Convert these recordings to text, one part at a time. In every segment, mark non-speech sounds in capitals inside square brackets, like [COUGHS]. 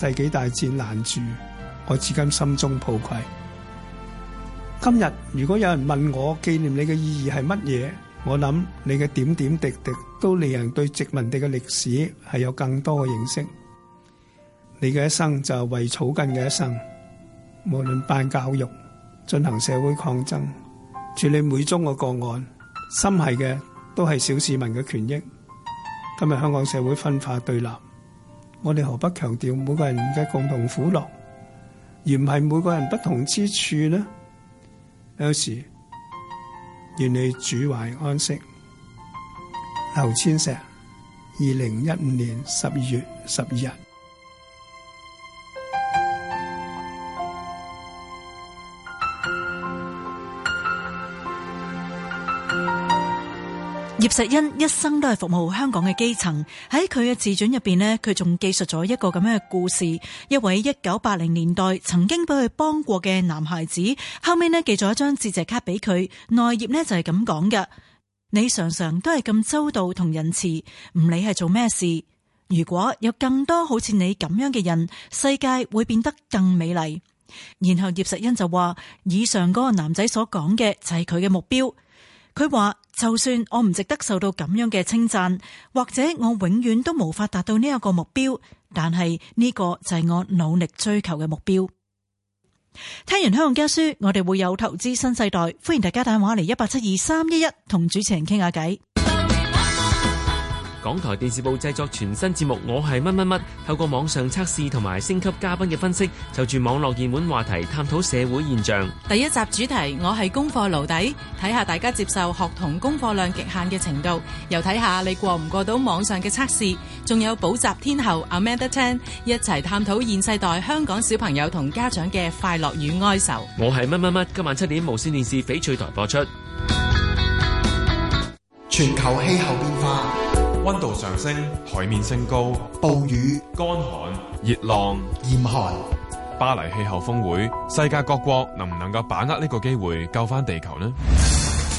世紀大戰難住我，至今心中抱愧。今日如果有人問我紀念你嘅意義係乜嘢，我諗你嘅點點滴滴都令人對殖民地嘅歷史係有更多嘅認識。你嘅一生就係為草根嘅一生，無論辦教育、進行社會抗爭、處理每宗嘅個案，心係嘅都係小市民嘅權益。今日香港社會分化對立。我哋何不強調每個人嘅共同苦樂，而唔係每個人不同之處呢？有時，願你主懷安息。劉千石，二零一五年十二月十二日。葉錫恩一生都係服務香港嘅基層，喺佢嘅自傳入邊呢，佢仲記述咗一個咁樣嘅故事。一位一九八零年代曾經俾佢幫過嘅男孩子，後尾呢，寄咗一張字跡卡俾佢。內頁呢就係咁講嘅：你常常都係咁周到同仁慈，唔理係做咩事。如果有更多好似你咁樣嘅人，世界會變得更美麗。然後葉錫恩就話：以上嗰個男仔所講嘅就係佢嘅目標。佢話：就算我唔值得受到咁樣嘅稱讚，或者我永遠都無法達到呢一個目標，但係呢個就係我努力追求嘅目標。 [MUSIC] 聽完香港家書，我哋會有投資新世代，歡迎大家打電話嚟，一八七二三一一同主持人傾下偈。港台電視部製作全新節目《我係乜乜乜》，透過網上測試同埋星級嘉賓嘅分析，就住網絡熱門話題探討社會現象。第一集主題《我係功課奴底》，睇下大家接受學童功課量極限嘅程度，又睇下你過唔過到網上嘅測試。仲有補習天后 Amanda Tan 一齊探討現世代香港小朋友同家長嘅快樂與哀愁。我係乜乜乜，今晚七點無線電視翡翠台播出。全球氣候變化，溫度上升，海面升高，暴雨、乾旱、熱浪、嚴寒。巴黎氣候峰會，世界各國能唔能夠把握呢個機會救翻地球呢？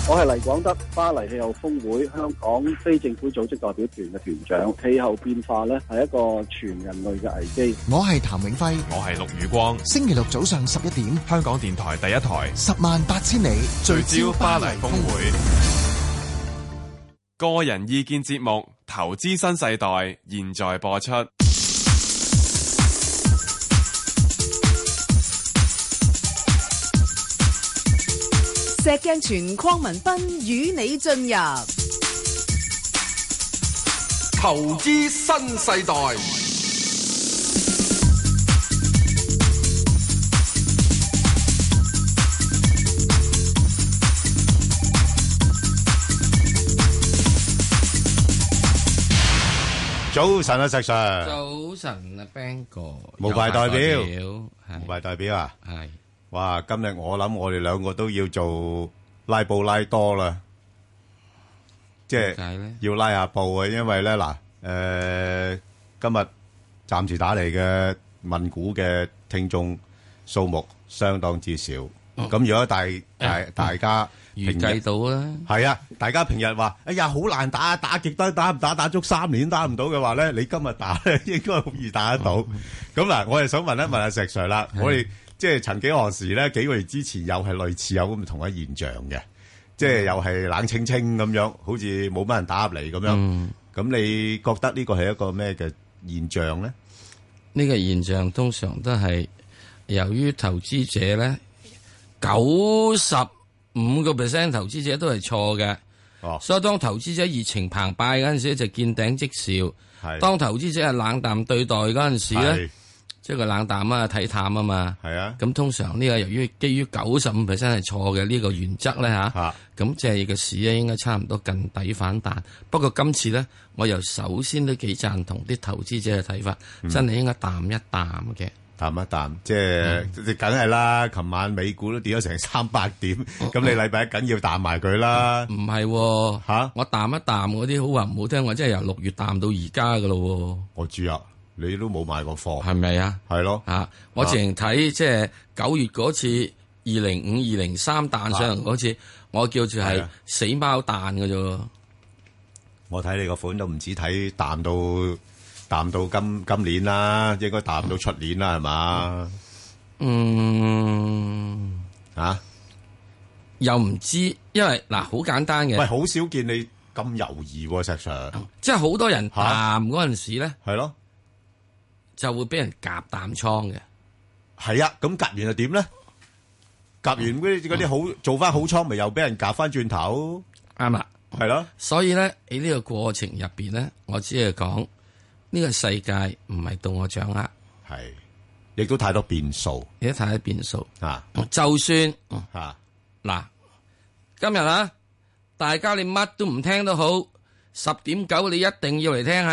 我係黎廣德，巴黎氣候峰會香港非政府組織代表團嘅團長。氣候變化呢係一個全人類嘅危機。我係譚永輝，我係陸宇光。星期六早上十一點，香港電台第一台十萬八千里聚焦巴黎峰會。峰會個人意見節目。投資新世代，現在播出。石鏡泉、鄺民彬與你進入投資新世代。早晨啊石 Sir，早晨啊 Bang 哥，冇派代表，冇派代表啊，係，哇，今日我諗我哋兩個都要做拉布拉多啦，即係要拉下布啊，因為咧嗱，誒，今日暫時打嚟嘅問股嘅聽眾數目相當之少，咁如果大大大家。預計到啦，係啊！大家平日話哎呀好難打，打極都打唔打，打足三年打唔到嘅話咧，你今日打咧應該好易打得到。咁嗱、嗯，啊嗯、我哋想問一問阿石 Sir 啦，的我哋即係曾幾何時咧，幾個月之前又係類似有咁唔同嘅現象嘅，即係又係冷清清咁樣，好似冇乜人打入嚟咁樣。咁、嗯、你覺得呢個係一個咩嘅現象咧？呢個現象通常都係由於投資者咧九十。五個 percent 投資者都係錯嘅，哦、所以當投資者熱情澎湃嗰陣時，就見頂即笑；是當投資者係冷淡對待嗰陣時咧，是即係個冷淡，淡啊，睇淡啊嘛。係、這個、啊，咁通常呢個由於基於九十五 percent 係錯嘅呢個原則咧吓，咁即係個市咧應該差唔多近底反彈。不過今次咧，我又首先都幾贊同啲投資者嘅睇法，真係應該淡一淡嘅。嗯淡一淡，即係你梗係啦。琴、嗯、晚美股都跌咗成三百點，咁、啊、你禮拜一梗要淡埋佢啦。唔係吓，啊啊、我淡一淡，我啲好話唔好聽，我即係由六月淡到而家噶咯。我知啊，你都冇買過貨，係咪啊？係咯，吓，我淨睇即係九月嗰次二零五二零三彈上嗰次，我叫住係死貓彈噶啫。我睇你個款都唔止睇淡到。淡到今今年啦，應該淡到出年啦，係嘛？嗯啊，又唔知，因為嗱，好簡單嘅。喂，好少見你咁猶豫，石 Sir。即係好多人淡嗰陣時咧，係咯，就會俾人夾淡倉嘅。係啊，咁夾完又點咧？夾完嗰啲、嗰啲好做翻好倉，咪又俾人夾翻轉頭？啱啦，係咯。所以咧，喺呢個過程入邊咧，我只係講。呢個世界唔係到我掌握，係亦都太多變數。亦都太多變數啊！就算啊，嗱，今日啊，大家你乜都唔聽都好，十點九你一定要嚟聽吓。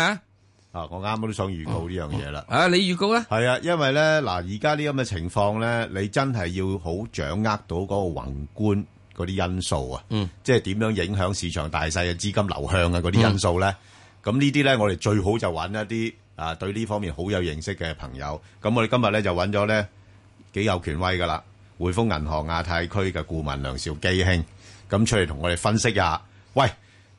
啊，我啱啱都想預告呢樣嘢啦。啊，你預告咧？係啊，因為咧嗱，而家呢咁嘅情況咧，你真係要好掌握到嗰個宏觀嗰啲因素啊。嗯，即係點樣影響市場大細嘅資金流向啊？嗰啲因素咧？咁呢啲咧，我哋最好就揾一啲啊，對呢方面好有認識嘅朋友。咁我哋今日咧就揾咗咧幾有權威噶啦，匯豐銀行亞太區嘅顧問梁兆基兄，咁出嚟同我哋分析下。喂，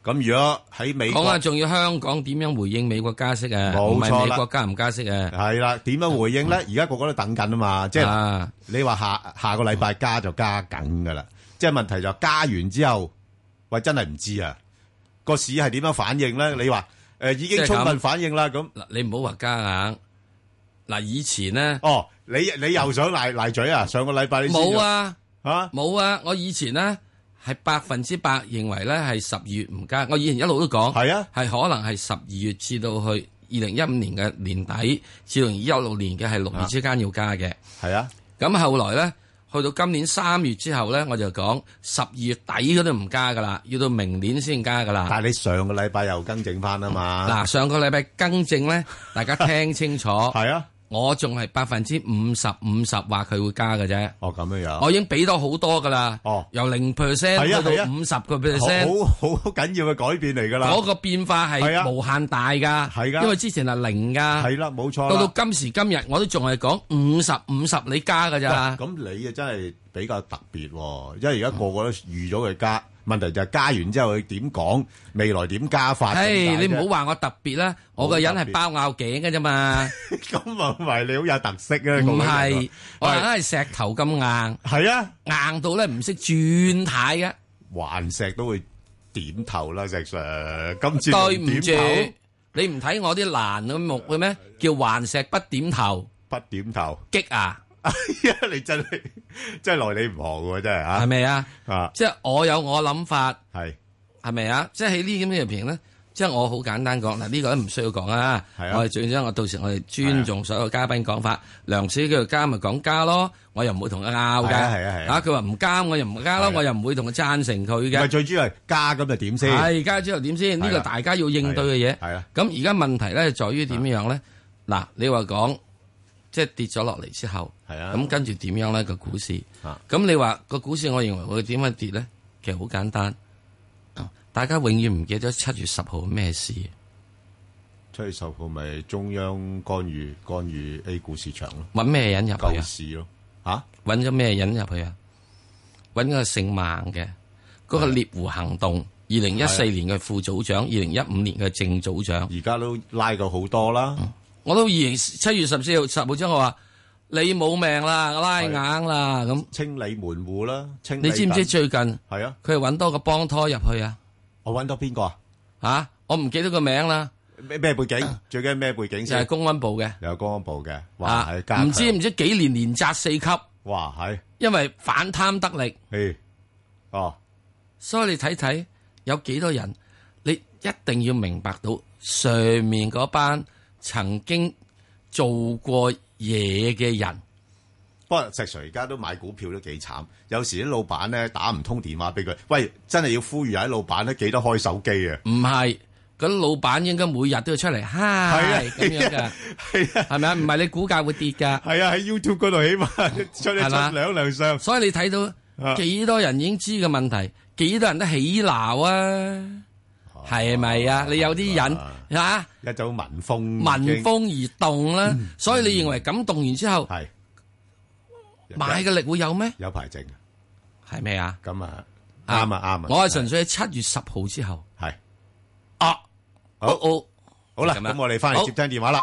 咁如果喺美國，講啊，仲要香港點樣回應美國加息啊？冇錯啦，美國加唔加息啊？係啦，點樣回應咧？而家、嗯嗯、個個都等緊啊嘛，即係、啊、你話下下個禮拜加就加緊噶啦，即係問題就加完之後，喂，真係唔知啊！個市係點樣反應咧？你話誒、呃，已經充分反應啦。咁，嗱你唔好話加硬。嗱，以前咧，哦，你你又想賴賴嘴啊？上個禮拜你冇啊？吓、啊，冇啊！我以前咧係百分之百認為咧係十二月唔加。我以前一路都講係啊，係可能係十二月至到去二零一五年嘅年底至到二一六年嘅係六月之間要加嘅。係啊，咁、啊、後來咧。去到今年三月之後呢，我就講十二月底嗰都唔加㗎喇，要到明年先加㗎喇。但係你上個禮拜又更正返啊嘛。嗱， [LAUGHS] 上個禮拜更正呢，大家聽清楚。係 [LAUGHS] 啊。我仲係百分之五十五十，話佢會加嘅啫。哦，咁樣樣。我已經俾到好多噶啦。哦，由零 percent 去到五十個 percent，好好緊要嘅改變嚟噶啦。嗰個變化係無限大噶。係噶、啊，因為之前係零噶。係、啊、啦，冇錯。到到今時今日，我都仲係講五十五十你加嘅咋。咁你啊，真係比較特別、啊，因為而家個個都預咗佢加。嗯問題就係加完之後佢點講，未來點加法？唉，你唔好話我特別啦，我個人係包拗頸嘅啫嘛。咁啊唔係，你好有特色啊，咁樣。唔係，我硬係石頭咁硬。係啊，硬到咧唔識轉軚嘅。頑石都會點頭啦，石 Sir。今次對唔住，你唔睇我啲爛嘅木嘅咩？叫頑石不點頭。不點頭，激啊！哎呀，你真係真係內裏唔學嘅喎，真係啊！係咪啊？啊！即係我有我諗法，係係咪啊？即係喺呢啲咁嘅入邊咧，即係我好簡單講嗱，呢個都唔需要講啊。係啊。我最緊要我到時我哋尊重所有嘉賓講法，梁水叫佢加咪講加咯，我又唔會同佢拗嘅。係啊係啊，佢話唔加，我又唔加咯，我又唔會同佢贊成佢嘅。最主要係加咁就點先？係加之後點先？呢個大家要應對嘅嘢。係啊。咁而家問題咧在於點樣咧？嗱，你話講。即係跌咗落嚟之後，係啊，咁跟住點樣咧個股市？咁、啊、你話個股市，我認為會點樣跌咧？其實好簡單，啊、大家永遠唔記得七月十號咩事。七月十號咪中央干預干預 A 股市場咯。揾咩人入去啊？牛市咯，吓？揾咗咩人入去啊？揾個姓孟嘅，嗰、啊、個獵狐行動二零一四年嘅副組長，二零一五年嘅正組長，而家都拉過好多啦。啊啊我都二七月十四號十號，之後話你冇命啦，拉硬啦咁清理門戶啦。你知唔知最近係啊？佢係揾多個幫拖入去啊？我揾多邊個啊？吓，我唔記得個名啦。咩咩背景？最緊咩背景先？就係公安部嘅。又係公安部嘅。哇！係唔知唔知幾年連扎四級？哇！係因為反貪得力。誒，哦，所以你睇睇有幾多人？你一定要明白到上面嗰班。曾經做過嘢嘅人，不過石 sir 而家都買股票都幾慘。有時啲老闆咧打唔通電話俾佢，喂，真係要呼籲下啲老闆咧，記得開手機啊？唔係，啲老闆應該每日都要出嚟哈，哈，係啊，咁樣噶，係咪啊？唔係，啊，你股價會跌噶？係啊，喺 YouTube 嗰度起碼 [LAUGHS] 出嚟出兩兩上，所以你睇到幾多人已經知嘅問題，幾，啊，多人都起鬧啊！係咪啊？你有啲人啊？一早聞風，聞風而動啦。所以你認為咁動完之後，係買嘅力會有咩？有排剩嘅，係咪啊？咁啊，啱啊，啱啊！我係純粹喺七月十號之後，係哦，好，好啦，咁我哋翻嚟接聽電話啦。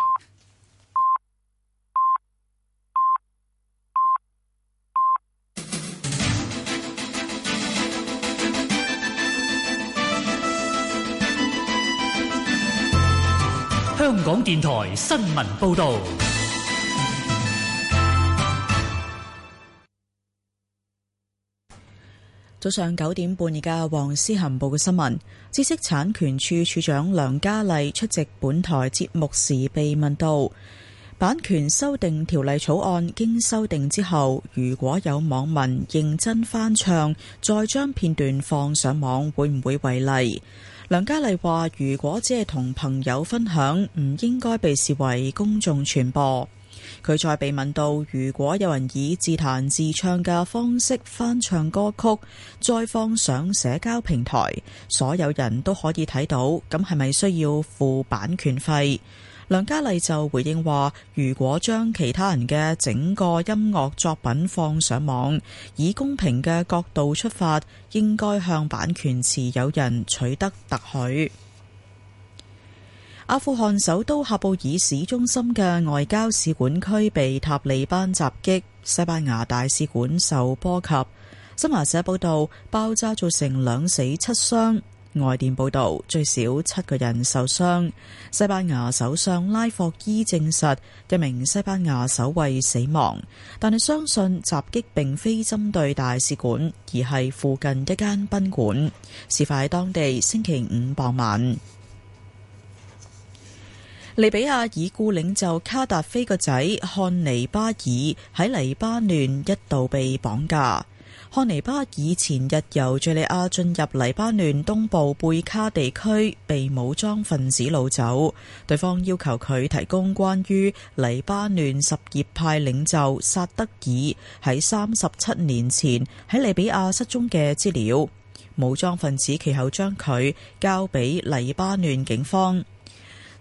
香港電台新聞報道：早上九點半，而家黃思恒報嘅新聞。知識產權處處長梁嘉麗出席本台節目時，被問到版權修訂條例草案經修訂之後，如果有網民認真翻唱，再將片段放上網，會唔會違例？梁家麗話：如果只係同朋友分享，唔應該被視為公眾傳播。佢再被問到，如果有人以自彈自唱嘅方式翻唱歌曲，再放上社交平台，所有人都可以睇到，咁係咪需要付版權費？梁家麗就回應話，如果將其他人嘅整個音樂作品放上網，以公平嘅角度出發，應該向版權持有人取得特許。阿富汗首都喀布爾市中心嘅外交使館區被塔利班襲擊，西班牙大使館受波及。新華社報道，爆炸造成兩死七傷。外電報道，最少七個人受傷。西班牙首相拉霍伊證實，一名西班牙守衛死亡，但係相信襲擊並非針對大使館，而係附近一間賓館。事發喺當地星期五傍晚。利比亞已故領袖卡達菲個仔漢尼巴爾喺黎巴嫩一度被綁架。漢尼拔以前日由敘利亞進入黎巴嫩東部貝卡地區，被武裝分子擄走。對方要求佢提供關於黎巴嫩什葉派領袖薩德爾喺三十七年前喺利比亞失蹤嘅資料。武裝分子其後將佢交俾黎巴嫩警方。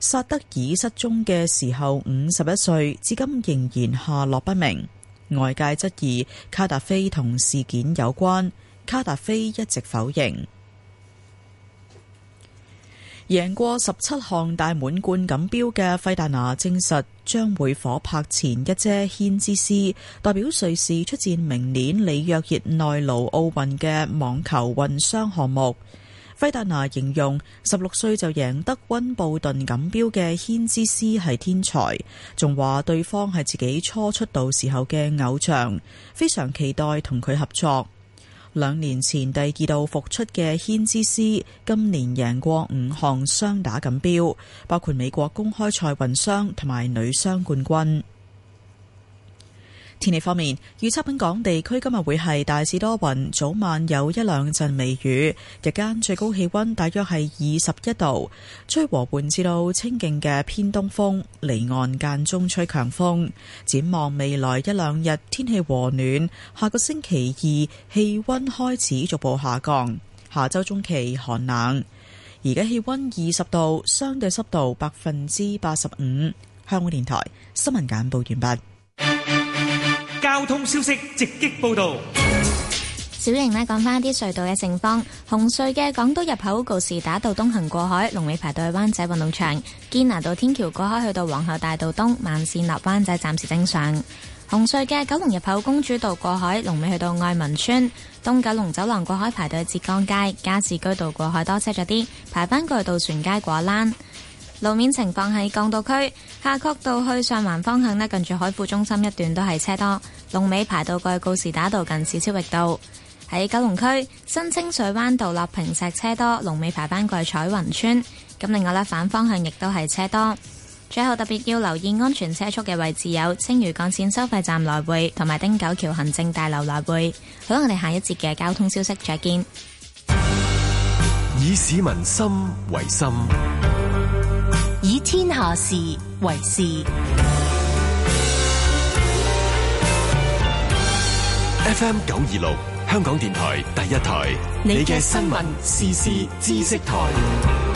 薩德爾失蹤嘅時候五十一歲，至今仍然下落不明。外界質疑卡達菲同事件有關，卡達菲一直否認。贏過十七項大滿貫錦標嘅費達拿證實，將會夥拍前一姐軒之絲，代表瑞士出戰明年里約熱內盧奧運嘅網球混雙項目。菲達拿形容十六歲就贏得溫布頓錦標嘅軒之師係天才，仲話對方係自己初出道時候嘅偶像，非常期待同佢合作。兩年前第二度復出嘅軒之師今年贏過五項雙打錦標，包括美國公開賽混雙同埋女雙冠軍。天氣方面，預測本港地區今日會係大致多雲，早晚有一兩陣微雨，日間最高氣溫大約係二十一度，吹和緩至到清勁嘅偏東風，離岸間中吹強風。展望未來一兩日天氣和暖，下個星期二氣溫開始逐步下降，下周中期寒冷。而家氣溫二十度，相對濕度百分之八十五。香港電台新聞簡報完畢。交通消息直擊報道。小瑩咧，講翻啲隧道嘅情況。紅隧嘅港島入口告士打道東行過海，龍尾排隊灣仔運動場；堅拿道天橋過海去到皇后大道東慢線落灣仔，暫時正常。紅隧嘅九龍入口公主道過海，龍尾去到愛民村；東九龍走廊過海排隊浙江街、加士居道過海多車咗啲，排翻過去到船街果欄。路面情況，喺港島區夏慤道去上環方向咧，近住海富中心一段都係車多，龍尾排到過去告士打道近史超域道。喺九龍區新清水灣道落坪石車多，龍尾排翻過去彩雲村。咁另外咧，反方向亦都係車多。最後特別要留意安全車速嘅位置有青嶼幹線收費站來回同埋汀九橋行政大樓來回。好，我哋下一節嘅交通消息再見。以市民心為心，天下事為事，FM 九二六，香港電台第一台，你嘅新聞時事知識台。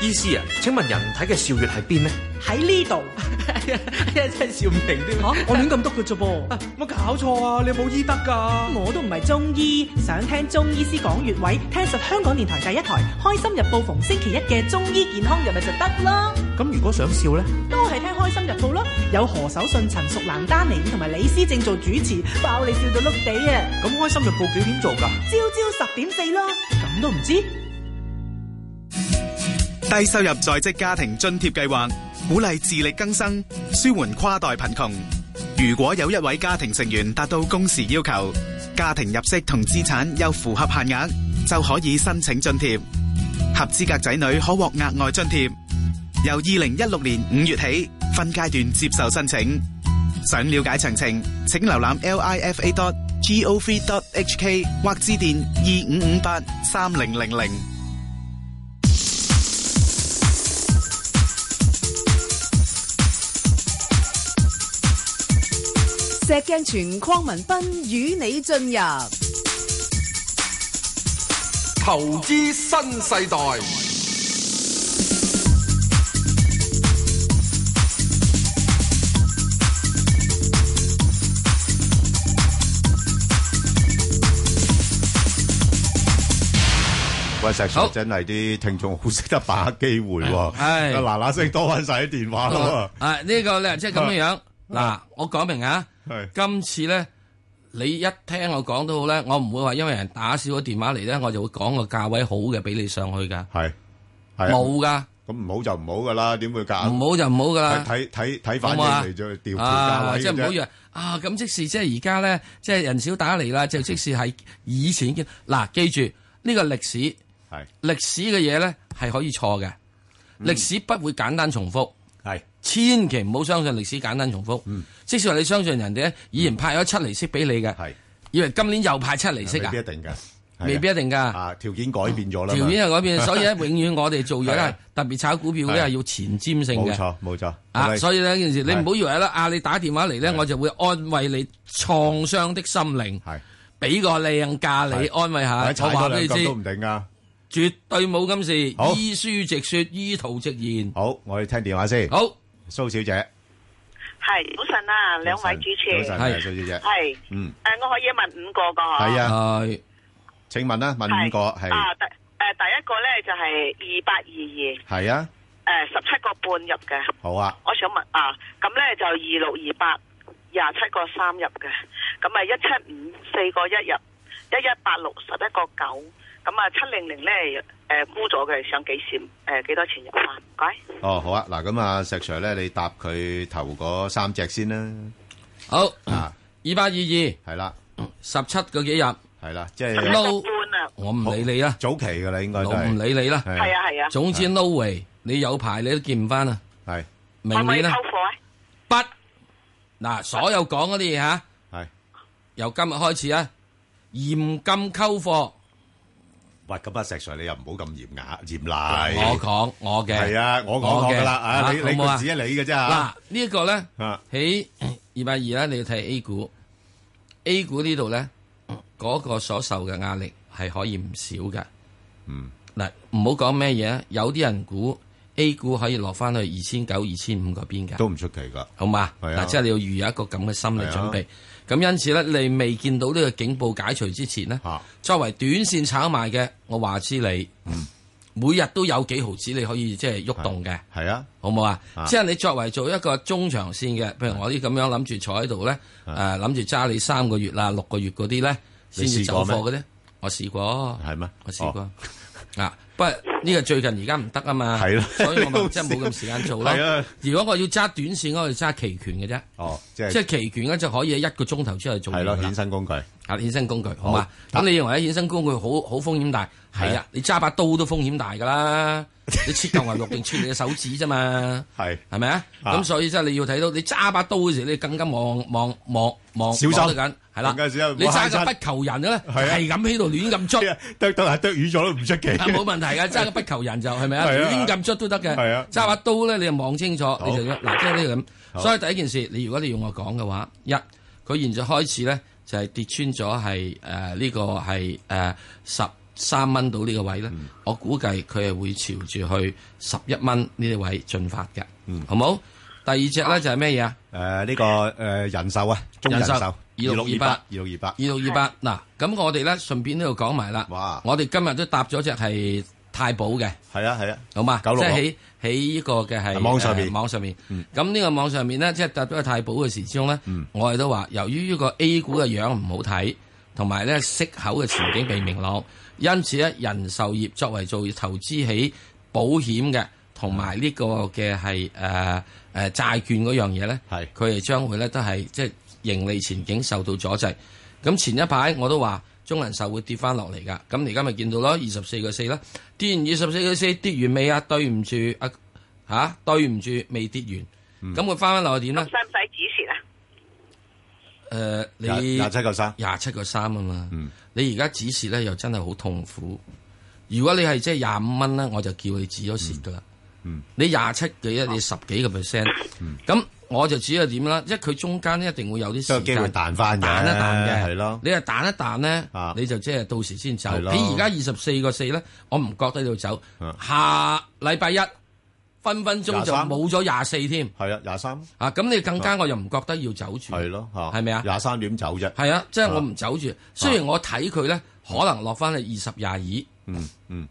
醫師啊，請問人體嘅笑穴喺邊呢？喺呢度，哎呀 [LAUGHS] ，真係笑唔停添。吓，我亂咁篤嘅啫噃，我搞錯啊！啊你冇醫德噶、啊。我都唔係中醫，想聽中醫師講穴位，聽實香港電台第一台《開心日報》逢星期一嘅中醫健康日咪就得啦。咁如果想笑咧，都係聽《開心日報》咯。有何守信、陳淑蘭、丹尼同埋李思正做主持，爆你笑到碌地啊！咁《開心日報》幾點做噶？朝朝十點四啦。咁都唔知。低收入在職家庭津貼計劃鼓勵自力更生，舒緩跨代貧窮。如果有一位家庭成員達到工時要求，家庭入息同資產又符合限額，就可以申請津貼。合資格仔女可獲額外津貼。由二零一六年五月起分階段接受申請。想了解詳情，請瀏覽 lifa.gov.hk 或致電二五五八三零零零。石鏡泉鄺民彬與你進入投資新世代。喂，石叔，好真係啲聽眾好識得把握機會喎、哦，係嗱嗱聲多翻晒啲電話咯，啊，呢、這個咧即係咁嘅樣，嗱唉，我講明啊。今次咧，你一聽我講都好咧，我唔會話因為人打少咗電話嚟咧，我就會講個價位好嘅俾你上去㗎。係，冇㗎、啊。咁唔的、嗯、好就唔好㗎啦，點會價？唔好就唔好㗎啦。睇睇睇，反應嚟、啊、再調調價。即係唔好話啊，咁即使即係而家咧，即係人少打嚟啦，就即使係以前嘅嗱、啊。記住呢、呢個歷史，啊、歷史嘅嘢咧係可以錯嘅，嗯、歷史不會簡單重複。千祈唔好相信歷史簡單重複。即使話你相信人哋咧，以前派咗七厘息俾你嘅，以為今年又派七厘息啊？未必一定嘅，未必一定嘅。啊，條件改變咗啦。條件又改變，所以咧，永遠我哋做嘢咧，特別炒股票咧，係要前瞻性嘅。冇錯，冇錯啊！所以呢件事你唔好以為啦，啊，你打電話嚟咧，我就會安慰你創傷的心靈，係俾個靚價你安慰下。我話俾你知，絕對冇今事。依書直説，依圖直言。好，我哋聽電話先。好。蘇小姐，係早晨啊，兩上位主持，係蘇、啊、是小姐，係是嗯，誒，我可以問五個噶嗬，係啊，請問啦、啊，問五個係是是啊，第誒第一個咧就係二八二二，係啊，誒十七個半入嘅，好啊，我想問啊，咁咧就二六二八廿七個三入嘅，咁咪一七五四個一入，一一八六十一個九，咁啊七零零咧。誒估咗佢，上幾錢誒，幾多錢入啊？唔該！哦，好啊，嗱，咁啊，石 Sir 咧，你搭佢頭嗰三隻先啦。好啊，二八二二係啦，十七嗰幾日係啦，即係撈半啊！我唔理你啦，早期噶啦應該都唔理你啦。係啊，係啊，總之 no way，你有排你都見唔返啊！係明年咧，不嗱，所有講嗰啲嘢吓，係由今日開始啊，嚴禁溝貨。咁啊，石 Sir 你又唔好咁嚴牙嚴賴。我講我嘅，係啊，我講啦的，你冇嘅只係你嘅啫。嗱，呢一個咧，喺二百二啦，你要睇 A 股，A 股呢度咧，嗰、那個所受嘅壓力係可以唔少嘅。嗯。嗱，唔好講咩嘢，有啲人估 A 股可以落翻去二千九、二千五嗰邊嘅，都唔出奇噶。好嘛、啊，嗱，即係你要預有一個咁嘅心理準備。咁因此咧，你未見到呢個警報解除之前呢，啊、作為短線炒賣嘅，我話知你，嗯、每日都有幾毫子你可以即係喐動嘅，係的啊，好唔好啊？即係你作為做一個中長線嘅，譬如我啲咁樣諗住坐喺度咧，誒諗住揸你三個月啦、六個月嗰啲咧，先至走貨嘅啫。試我試過，係咩嗎？我試過啊。哦 [LAUGHS] 不呢個最近而家唔得啊嘛，所以我咪真係冇咁時間做啦。如果我要揸短線，我哋揸期權嘅啫。哦，即係即係期權嗰就可以一個鐘頭出嚟做。係咯，衍生工具、衍生工具，好嘛？咁你認為衍生工具好好風險大？係啊，你揸把刀都風險大㗎啦！你切嚿牛肉定切你嘅手指啫嘛？係係咪啊？咁所以即係你要睇到你揸把刀嘅時候，你更加望望望望小心緊係啦。你揸個不求人咧，係咁喺度亂咁捽，剁剁嚟剁魚咗都唔出奇。冇問題。係啊，揸個不求人就係咪啊，亂咁出都得嘅。係啊，揸把刀咧，你就望清楚，你就嗱，即係呢度咁。所以第一件事，你如果你用我講嘅話，一，佢現在開始咧就係跌穿咗係誒呢個係誒十三蚊到呢個位咧，我估計佢係會朝住去十一蚊呢啲位進發嘅，好冇？第二隻咧就係咩嘢啊？誒呢個誒人壽啊，中人壽二六二八，二六二八，二六二八。嗱，咁我哋咧順便呢度講埋啦。哇！我哋今日都搭咗只係。太保嘅係啊係啊，啊好嘛吧，96 即係喺喺呢個嘅係網上面，啊，網上面，咁呢、嗯、個網上面咧，即係特別係太保嘅時之中咧，嗯、我哋都話由於呢個 A 股嘅樣唔好睇，同埋咧息口嘅前景被明朗，因此咧人壽業作為做投資起保險嘅，同埋呢個嘅係誒誒債券嗰樣嘢咧，係佢哋將會咧都係即係盈利前景受到阻滯。咁前一排我都話。中人壽會跌翻落嚟㗎，咁而家咪見到咯，二十四個四啦，跌完二十四個四，跌完未啊？啊？對唔住啊，嚇對唔住，未跌完，咁佢翻翻落去點咧？使唔使止蝕啊？誒、呃，你廿七個三廿七個三啊嘛，嗯、你而家止蝕咧又真係好痛苦。如果你係即係廿五蚊咧，我就叫你止咗蝕噶啦。嗯嗯、你廿七幾啊？你十幾個 percent，咁。我就主要點啦，因為佢中間一定會有啲時間彈一彈嘅，係咯。你係彈一彈咧，你就即係到時先走。你而家二十四個四咧，我唔覺得要走。下禮拜一分分鐘就冇咗廿四添，係啊，廿三。啊，咁你更加我又唔覺得要走住，係咯，嚇，係咪啊？廿三點走啫，係啊，即係我唔走住。雖然我睇佢咧，可能落翻去二十廿二，嗯嗯。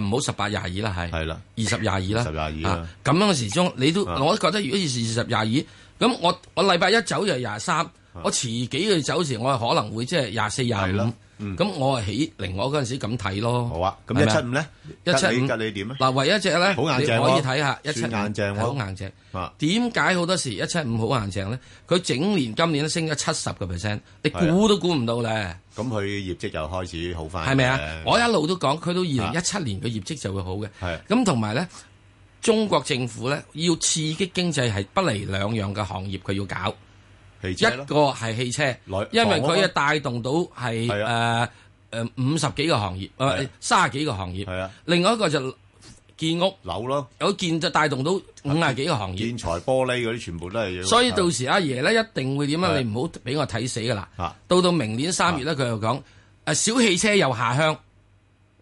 唔好十八廿二啦，係。係啦的，二十廿二啦。十廿二咁樣嘅時鐘，你都，是的 我都覺得，如果二二十廿二，咁我我禮拜一走就廿三，我遲幾個月走時，我係可能會即係廿四廿五。嗯，咁我起另我嗰陣時咁睇咯。好啊，咁一七五咧，一七五隔你點咧？嗱，唯一隻咧，你可以睇下一七五好硬淨，算硬淨。點解好多時一七五好硬淨咧？佢整年今年都升咗七十個 percent，你估都估唔到咧。咁佢業績又開始好翻。係咪啊？我一路都講，佢到二零一七年嘅業績就會好嘅。係咁同埋咧，中國政府咧要刺激經濟係不離兩樣嘅行業，佢要搞。一個係汽車，因為佢啊帶動到係誒誒五十幾個行業，誒卅幾個行業。另外一個就建屋樓咯，有建就帶動到五廿幾個行業。建材玻璃嗰啲全部都係。所以到時阿爺咧一定會點啊？你唔好俾我睇死噶啦！到到明年三月咧，佢又講誒小汽車又下鄉。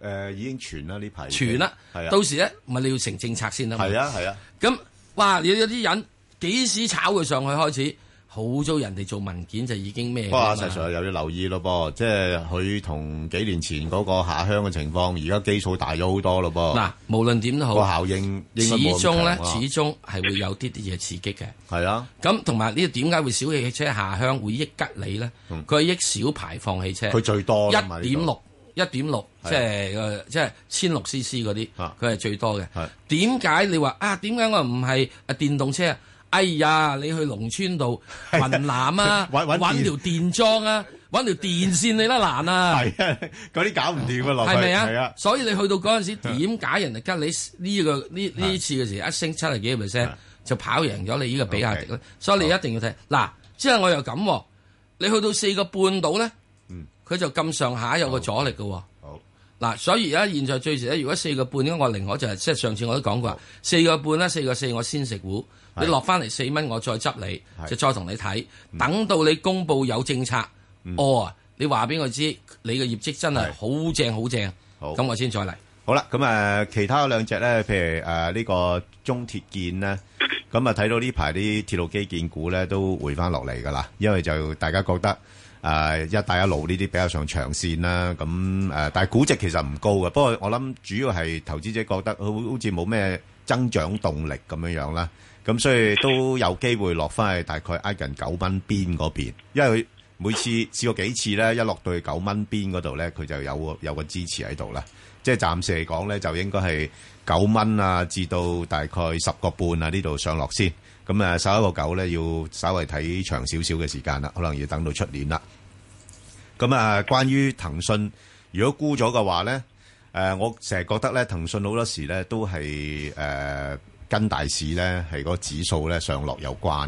誒，已經傳啦呢排。傳啦，到時咧，咪你要成政策先啦。係啊係啊，咁哇！你有啲人幾時炒佢上去開始？好咗人哋做文件就已經咩？不過實在又留意咯噃，即係佢同幾年前嗰個下鄉嘅情況，而家基礎大咗好多咯噃。嗱、啊，無論點都好，效應始終咧，始終係會有啲啲嘢刺激嘅。係啊、嗯，咁同埋呢個點解會小汽車下鄉會益吉利咧？佢係益小排放汽車，佢最多一點六一點六，即係即係千六 CC 嗰啲，佢係、啊、最多嘅。點解是你話啊？點解我唔係啊電動車啊？哎呀，你去農村度雲南啊，揾揾、啊、條電樁啊，揾條電線你都難啊！係啊，嗰啲搞唔掂啊落去。係咪啊？啊所以你去到嗰陣時，點解人哋吉你呢個呢呢、這個這個啊、次嘅時候一升七十幾 percent 就跑贏咗你呢個比亞迪咧？Okay, 所以你一定要睇嗱 okay,、啊啊，即係我又咁、啊，你去到四個半度咧，佢、嗯、就咁上下有個阻力嘅、啊。嗱、啊，所以而家現在最值咧，如果四個半咧，我寧可就係、是，即、就、係、是、上次我都講過，四個半啦，四個四我先食糊，是你落翻嚟四蚊，我再執你，是就再同你睇，嗯、等到你公佈有政策，嗯、哦，你話俾我知，你嘅業績真係是好正好正，咁我先再嚟。好啦，咁啊、呃，其他兩隻咧，譬如誒呢、呃這個中鐵建呢，咁啊睇到呢排啲鐵路基建股咧都回翻落嚟噶啦，因為就大家覺得。誒、uh, 一帶一路呢啲比較上長線啦、啊，咁、嗯、誒，但係估值其實唔高嘅。不過我諗主要係投資者覺得佢好似冇咩增長動力咁樣樣、啊、啦，咁所以都有機會落翻去大概挨近九蚊邊嗰邊，因為佢每次試過幾次咧，一落到去九蚊邊嗰度咧，佢就有有個支持喺度啦。即係暫時嚟講咧，就應該係九蚊啊，至到大概十個半啊呢度上落先。咁啊，十、嗯、一個九咧，要稍微睇長少少嘅時間啦，可能要等到出年啦。咁、嗯、啊，關於騰訊，如果沽咗嘅話咧，誒、呃，我成日覺得咧，騰訊好多時咧都係誒、呃、跟大市咧係個指數咧上落有關